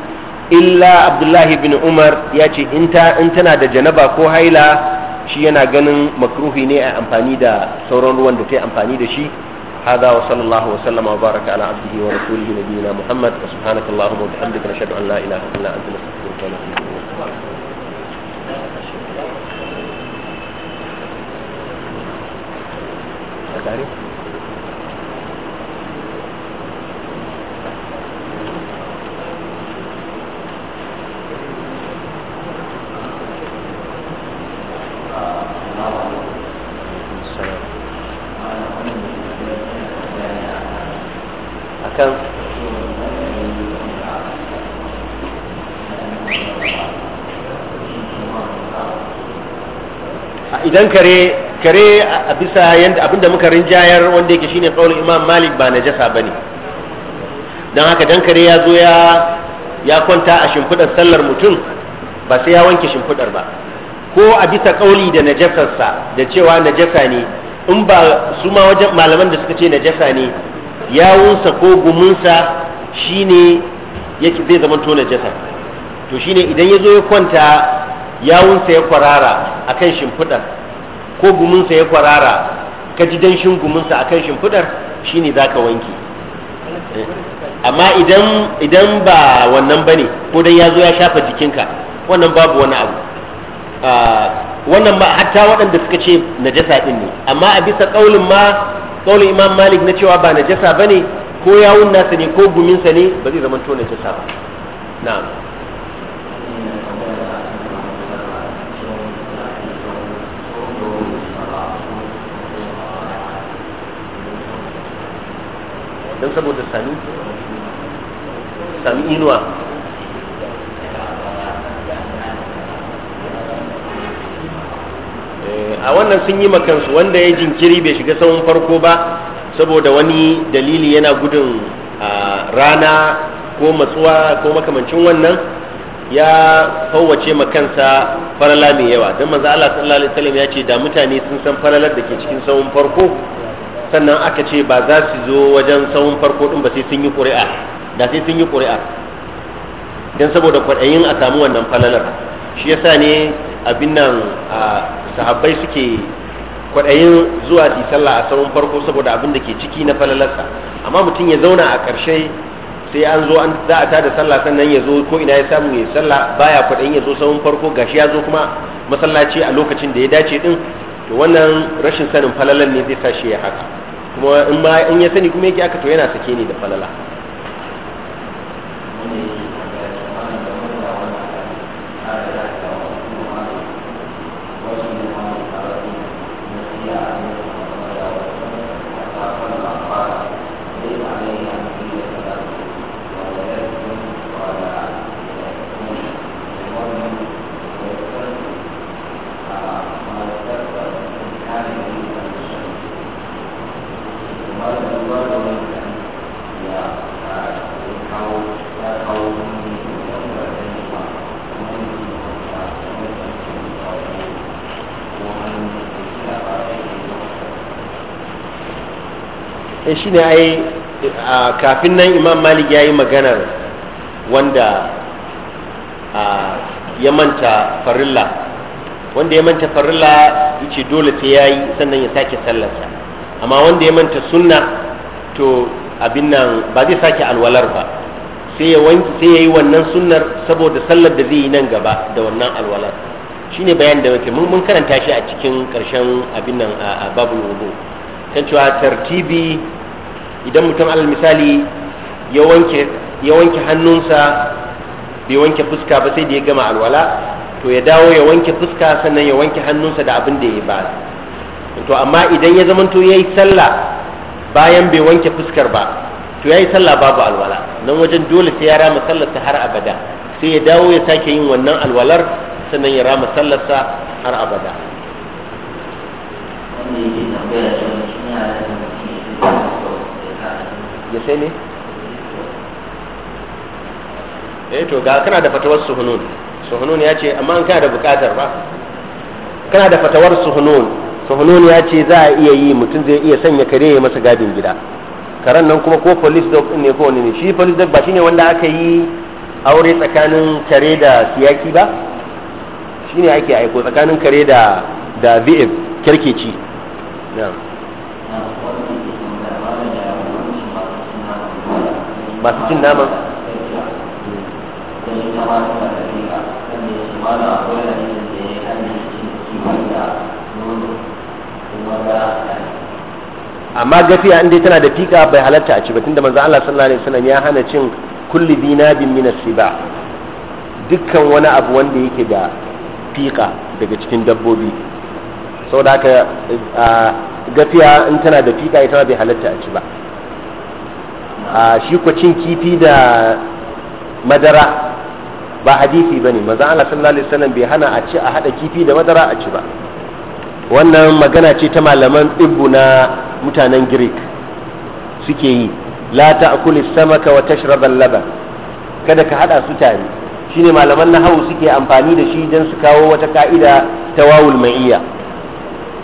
illa abdullahi bin umar ya ce in tana da janaba ko haila shi yana ganin makruhi ne a amfani da sauran ruwan da ta amfani da shi هذا وصلى الله وسلم وبارك على عبده ورسوله نبينا محمد وسبحانك اللهم وبحمدك نشهد ان لا اله الا انت نستغفرك ونتوب اليك idan kare kare a bisa yanda abinda muka rinjayar wanda yake shine kaulin imam malik ba najasa bane dan haka dan kare ya zo ya ya kwanta a shimfidar sallar mutum ba sai ya wanke shimfidar ba ko a bisa kauli da najasarsa da cewa najasa ne in ba su ma wajen malaman da suka ce najasa ne yawunsa ko gumunsa shine yake zai zama to najasa to shine idan ya zo ya kwanta yawunsa ya kwarara akan shimfidar ko guminsa ya kwarara ka ji danshin guminsa akan shimfidar shine zaka wanke amma idan idan ba wannan bane ko dan ya zo ya shafa jikinka wannan babu wani abu ah, wannan ma hatta waɗanda suka ce najasa din ne amma a bisa kaulin ma kaulin imam malik na cewa ba najasa bane ko yawun nasa ne ko guminsa ne ba zai zama to najasa ba na'am don saboda sami sami inuwa eh, a wannan sun yi makansu wanda ya jinkiri bai shiga sahun farko ba saboda wani dalili yana gudun rana ko matsuwa ko makamancin wannan ya kowace makansa farala mai yawa don maza Allah sallallahu alaihi wasallam ya ce da mutane sun san faralar da ke cikin sahun farko sannan aka ce ba za su zo wajen tsawon farko din ba sai sun yi ƙuri'a da sai sun yi ƙuri'a don saboda kwaɗayin a samu wannan falalar shi yasa ne abin nan sahabbai suke kwaɗayin zuwa su sallah a tsawon farko saboda abin da ke ciki na falalarsa amma mutum ya zauna a ƙarshe sai an zo an za a tada sallah sannan ya zo ko ina ya samu ya sallah baya kwaɗayin ya zo tsawon farko gashi ya zo kuma masallaci a lokacin da ya dace din to wannan rashin sanin falalan ne zai tashi ya haka kuma in ya sani kuma yake aka to yana sake ni da falala ne ai kafin nan imam malik ya yi maganar wanda ya manta farilla wanda ya manta farilla yace dole sai ya yi sannan ya sake sallarsa amma wanda ya manta sunna to abin nan ba zai sake alwalar ba sai ya wanki sai ya yi wannan sunnar saboda sallar da zai yi nan gaba da wannan alwalar shine bayan da muke mun karanta shi a cikin karshen abin nan a babu wudu kan cewa tartibi idan mutum alal misali ya wanke hannunsa bai wanke fuska ba sai da ya gama alwala to ya dawo ya wanke fuska sannan ya wanke hannunsa da abin da ya ba to amma idan ya zamanto ya yi sallah bayan bai wanke fuskar ba to ya yi sallah babu alwala nan wajen dole sai ya rama sallarsa har abada sai ya dawo ya sake yin wannan alwalar sannan ya rama sallarsa har abada. ya sai ne eh to ga kana da fatawar suhunun suhunun ya ce amma an kana da bukatar ba kana da fatawar suhunun suhunun ya ce za a iya yi mutum zai iya sanya kare ya masa gadin gida karan nan kuma ko police dog ne ko wani ne shi police dog ba shine wanda aka yi aure tsakanin kare da siyaki ba shine ake aiko tsakanin kare da da vf kerkeci masu cin naman amma gafiya inda tana da fika bai halatta a ci ba tunda manzo Allah sallallahu alaihi wasallam ya hana cin kulli dinabin min as-siba dukkan wani abu wanda yake da fika daga cikin dabbobi saboda haka gafiya in tana da fika ita bai halatta a ci ba a shi cin kifi da madara ba hadisi bane manzon Allah sallallahu alaihi wasallam bai hana a ci a hada kifi da madara a ci ba wannan magana ce ta malaman ɗibbu na mutanen Greek suke yi la ta'kuli samaka wa tashrab al-laban kada ka hada su tare shine malaman nahawu suke amfani da shi don su kawo wata ka'ida ta wawul ma'iyya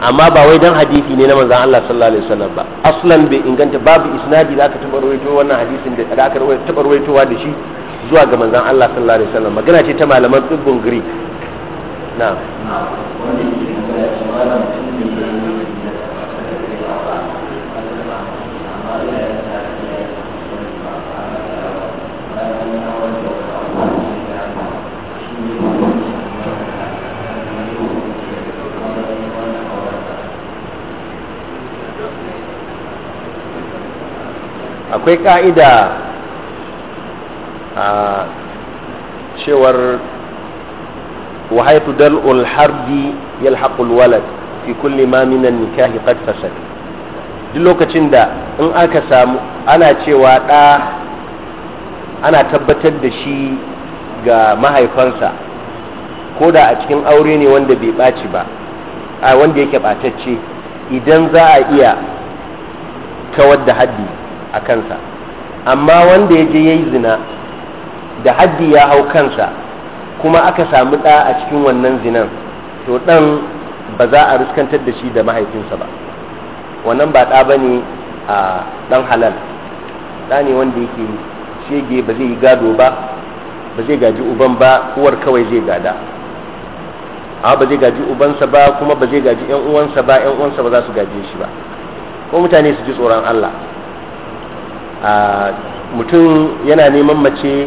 amma ba wai dan hadisi ne na manzon Allah sallallahu alaihi wasallam ba aslan bai inganta babu isnadi da aka taba rawaito wannan hadisin da aka taba rawaitowa da shi zuwa ga manzon Allah sallallahu alaihi wasallam magana ce ta malaman tsibbin Greek na'am akwai ka'ida a cewar wahaitu ulharbi harbi haƙul walad fi kulli ma minan nikahi qad fasad duk lokacin da in aka samu ana cewa ɗa ana tabbatar da shi ga mahaifansa ko da a cikin aure ne wanda bai ɓaci ba a wanda yake ɓatacce idan za a iya kawar da haddi a kansa amma wanda ya je ya yi zina da haddi ya hau kansa kuma aka samu ɗa a cikin wannan zinan to ɗan ba za a riskantar da shi da mahaifinsa ba wannan ba ɗa ba ne a ɗan halal ɗa ne wanda yake shege ba zai yi gado ba ba zai gaji uban ba uwar kawai zai gada amma ba zai gaji ubansa ba kuma ba zai gaji yan uwansa ba yan uwansa ba za su gaje shi ba ko mutane su ji tsoron Allah mutum yana neman mace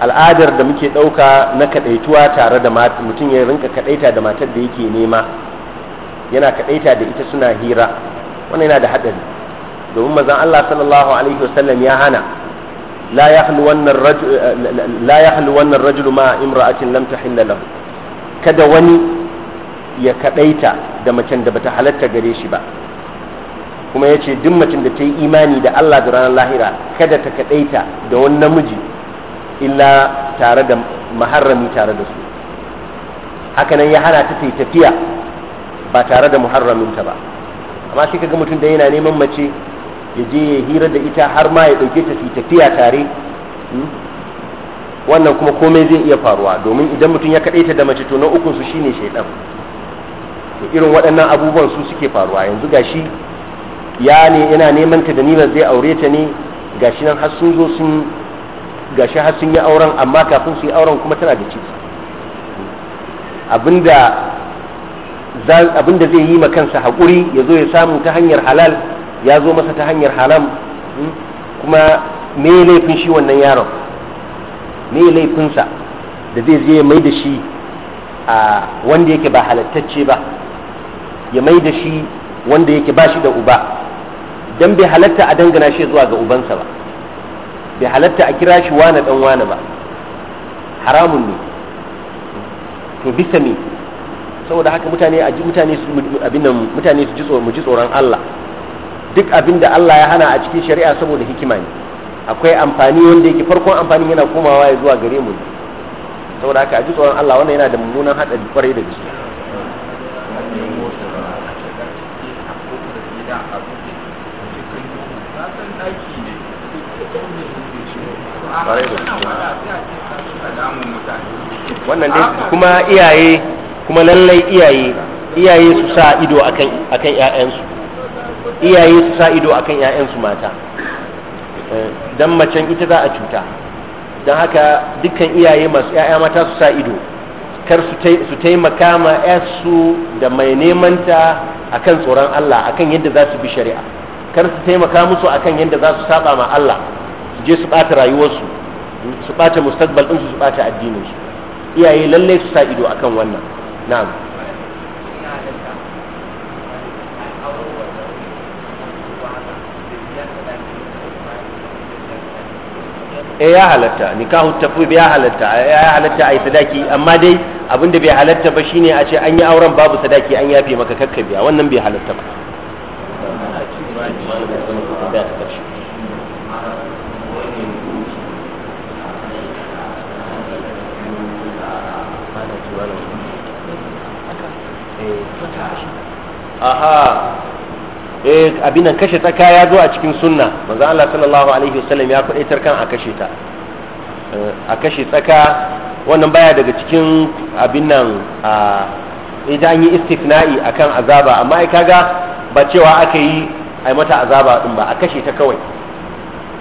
al'adar da muke ɗauka na kaɗaituwa tare da mutum ya rinka kaɗaita da matar da yake nema yana kaɗaita da ita suna hira wannan yana da haɗari domin mazan Allah sallallahu alaihi wasallam ya hana la ya halu wannan rajulu ma imra'atin lam tahilla lahu kada wani ya kaɗaita da macen da bata halatta gare shi ba kuma ya ce duk macin da ta yi imani da Allah da ranar lahira kada ta kaɗaita da wani namiji illa tare da maharrami tare da su hakanan ya hana ta ta tafiya ba tare da muharraminta ba amma sai kaga mutum da yana neman mace ya je ya hira da ita har ma ya ɗauke ta su tafiya tare hmm? wannan kuma komai zai iya faruwa domin idan mutum ya kaɗaita da mace to na ukun su shine shaidan irin waɗannan abubuwan su suke faruwa yanzu ga shi. ya ne yana neman ta da nima zai aure ta ne gashi nan har sun zo sun gashi har sun yi auren amma kafin su yi auren kuma tana da ciki abinda abinda zai yi ma kansa hakuri ya zo ya samu ta hanyar halal ya zo masa ta hanyar haram hmm? kuma me laifin shi wannan yaron me laifinsa da zai je ya mai da shi a wanda yake ba halattacce ba ya mai da shi wanda yake ba shi da uba dan bai halatta a dangana shi zuwa ga ubansa ba bai halatta a kira shi wane dan wane ba haramun ne to bisa ne saboda haka mutane a ji mutane su abin nan mutane su ji tsoron mu ji tsoron Allah duk abin da Allah ya hana a cikin shari'a saboda hikima ne akwai amfani wanda yake farkon amfanin yana komawa zuwa gare mu saboda haka a ji tsoron Allah wannan yana da mummunan hadari kwarai da gaske wannan dai ah. kuma iyaye kuma lallai iyaye iyaye su sa ido akan akan ƴaƴansu iyaye su sa ido akan ƴaƴansu mata eh, dan macen ita za a cuta don haka dukkan iyaye masu ƴaƴa mata su sa ido kar su taimaka ma su da mai nemanta akan tsoron Allah akan yadda za su bi shari'a kar su taimaka musu akan yadda za su saba ma Allah je su ɓata rayuwarsu su ɓata mustaqbal ɗinsu su ɓata addininsu iyaye lallai su sa ido akan wannan na'am eh ya halatta nikahu tafwid ya halatta ya halatta ai sadaki amma dai abin da bai halatta ba shine a ce an yi auren babu sadaki an yafe maka kakkabiya wannan bai halatta ba aha eh abinan kashe ta kaya zo a cikin sunna manzo Allah sallallahu alaihi wasallam ya faɗaitar kan a kashe ta eh, a kashe tsaka wannan baya daga cikin abin nan a idan yi istifna'i akan azaba amma ai kaga ba cewa aka yi ai mata azaba din ba a kashe ta kawai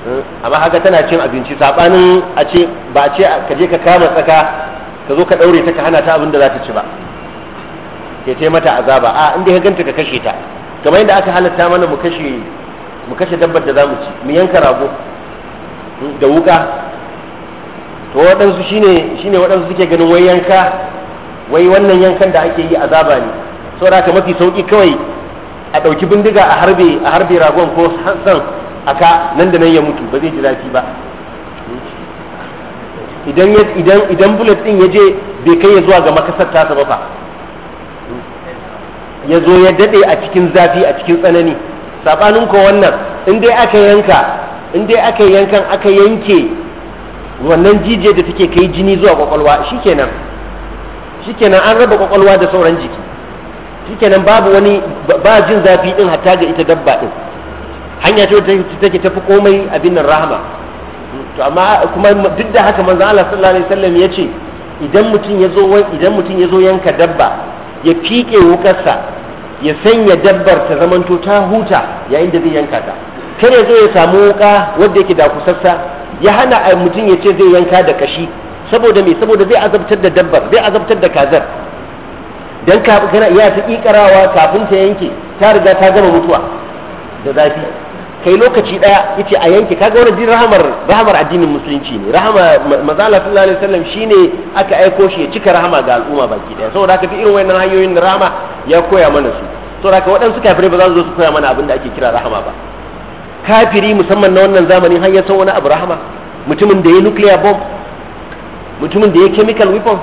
eh, amma haka tana cin abinci sabanin a ce ba a ce ka je ka kama tsaka ka zo ka daure ta ka hana ta abin da za ta ci ba ke ce mata azaba a inda ka ganta ka kashe ta kamar yadda aka halatta mana mu kashe mu kashe dabbar da zamu ci mu yanka rago da wuka to waɗansu shine shine waɗansu suke ganin wai yanka wai wannan yankan da ake yi azaba ne saboda ka mafi sauki kawai a ɗauki bindiga a harbe a harbe ragon ko san aka nan da nan ya mutu ba zai ji zafi ba idan idan idan bullet din ya je bai kai ya zuwa ga makasar tasa ba fa ya zo ya daɗe a cikin zafi a cikin tsanani saɓanin ko wannan in dai aka yanka in dai aka yankan aka yanke wannan jijiyar da take kai jini zuwa kwakwalwa shikenan shikenan an raba kwakwalwa da sauran jiki shikenan babu wani ba jin zafi din hatta ga ita dabba din hanya ce da take tafi komai abin nan rahama to amma kuma duk da haka manzo Allah sallallahu alaihi wasallam ya ce idan mutum ya zo idan mutum ya zo yanka dabba ya fike wukarsa ya sanya dabbar ta zamanto ta huta yayin da zai yanka ta kar ya zo ya samu wuka wanda yake da kusassa ya hana a mutum ya ce zai yanka da kashi saboda me saboda zai azabtar da dabbar zai azabtar da kazar dan ka kana iya ta kikarawa kafin ta yanke ta riga ta gama mutuwa da zafi kai lokaci daya yace a yanke kaga wannan din rahamar rahamar addinin musulunci ne rahama mazala sallallahu alaihi wasallam shine aka aiko shi ya cika rahama ga al'umma baki daya saboda haka duk irin wayannan hanyoyin rahama ya koya mana su saura ka waɗansu kafirai ba za su zo su koya mana abin da ake kira rahama ba kafiri musamman na wannan zamanin har ya san wani abu rahama mutumin da ya nuclear bomb mutumin da ya chemical weapon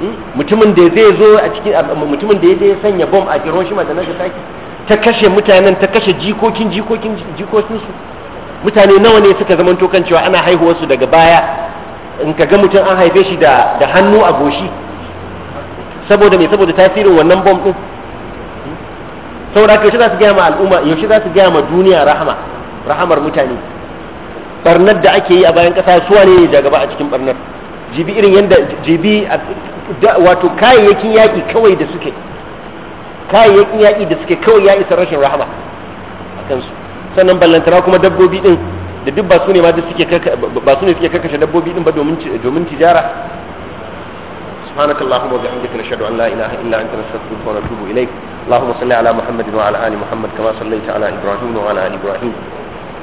hmm, mutumin da zai zo a cikin mutumin da ya sanya bomb a Hiroshima da Nagasaki ta kashe mutanen ta kashe jikokin jikokin jikokin su mutane nawa ne suka zama to kan cewa ana haihuwar su daga baya in ka ga mutum an haife shi da da hannu a goshi saboda me saboda tasirin wannan bomb din saboda yaushe za su gaya ma al'umma yaushe za su gaya ma duniya rahama rahamar mutane barnar da ake yi a bayan kasa suwa ne ne gaba a cikin barnar jibi irin yadda jibi wato kayayyakin yaƙi kawai da suke kayayyakin yaƙi da suke kawai ya isa rashin rahama a kansu sannan ballantana kuma dabbobi din da duk ba su ne ma da suke ba su ne suke kakkashe dabbobi din ba domin domin tijara سبحانك اللهم وبحمدك نشهد أن لا إله إلا أنت نستغفرك ونتوب إليك اللهم صل على محمد وعلى آل محمد كما صليت على إبراهيم وعلى آل إبراهيم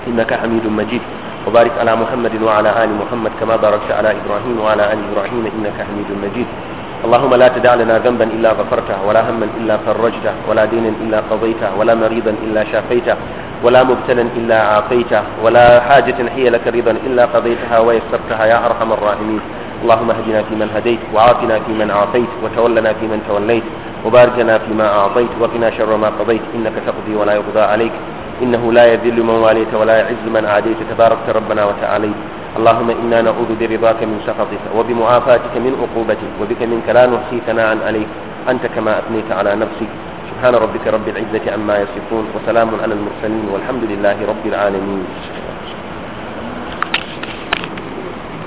إنك حميد مجيد وبارك على محمد وعلى آل محمد كما باركت على إبراهيم وعلى آل إبراهيم إنك حميد مجيد اللهم لا تدع لنا ذنبا إلا غفرته ولا هما إلا فرجته ولا دينا إلا قضيته ولا مريضا إلا شافيته ولا مبتلا إلا عافيته ولا حاجة هي لك رضا إلا قضيتها ويسرتها يا أرحم الراحمين اللهم اهدنا فيمن هديت وعافنا فيمن عافيت وتولنا فيمن توليت وبارك لنا فيما أعطيت وقنا شر ما قضيت إنك تقضي ولا يقضى عليك إنه لا يذل من واليت ولا يعز من عاديت تباركت ربنا وتعاليت اللهم إنا نعوذ برضاك من سخطك وبمعافاتك من عقوبتك وبك منك لا نحصي ثناء عليك أنت كما أثنيت على نفسك سبحان ربك رب العزة عما يصفون وسلام على المرسلين والحمد لله رب العالمين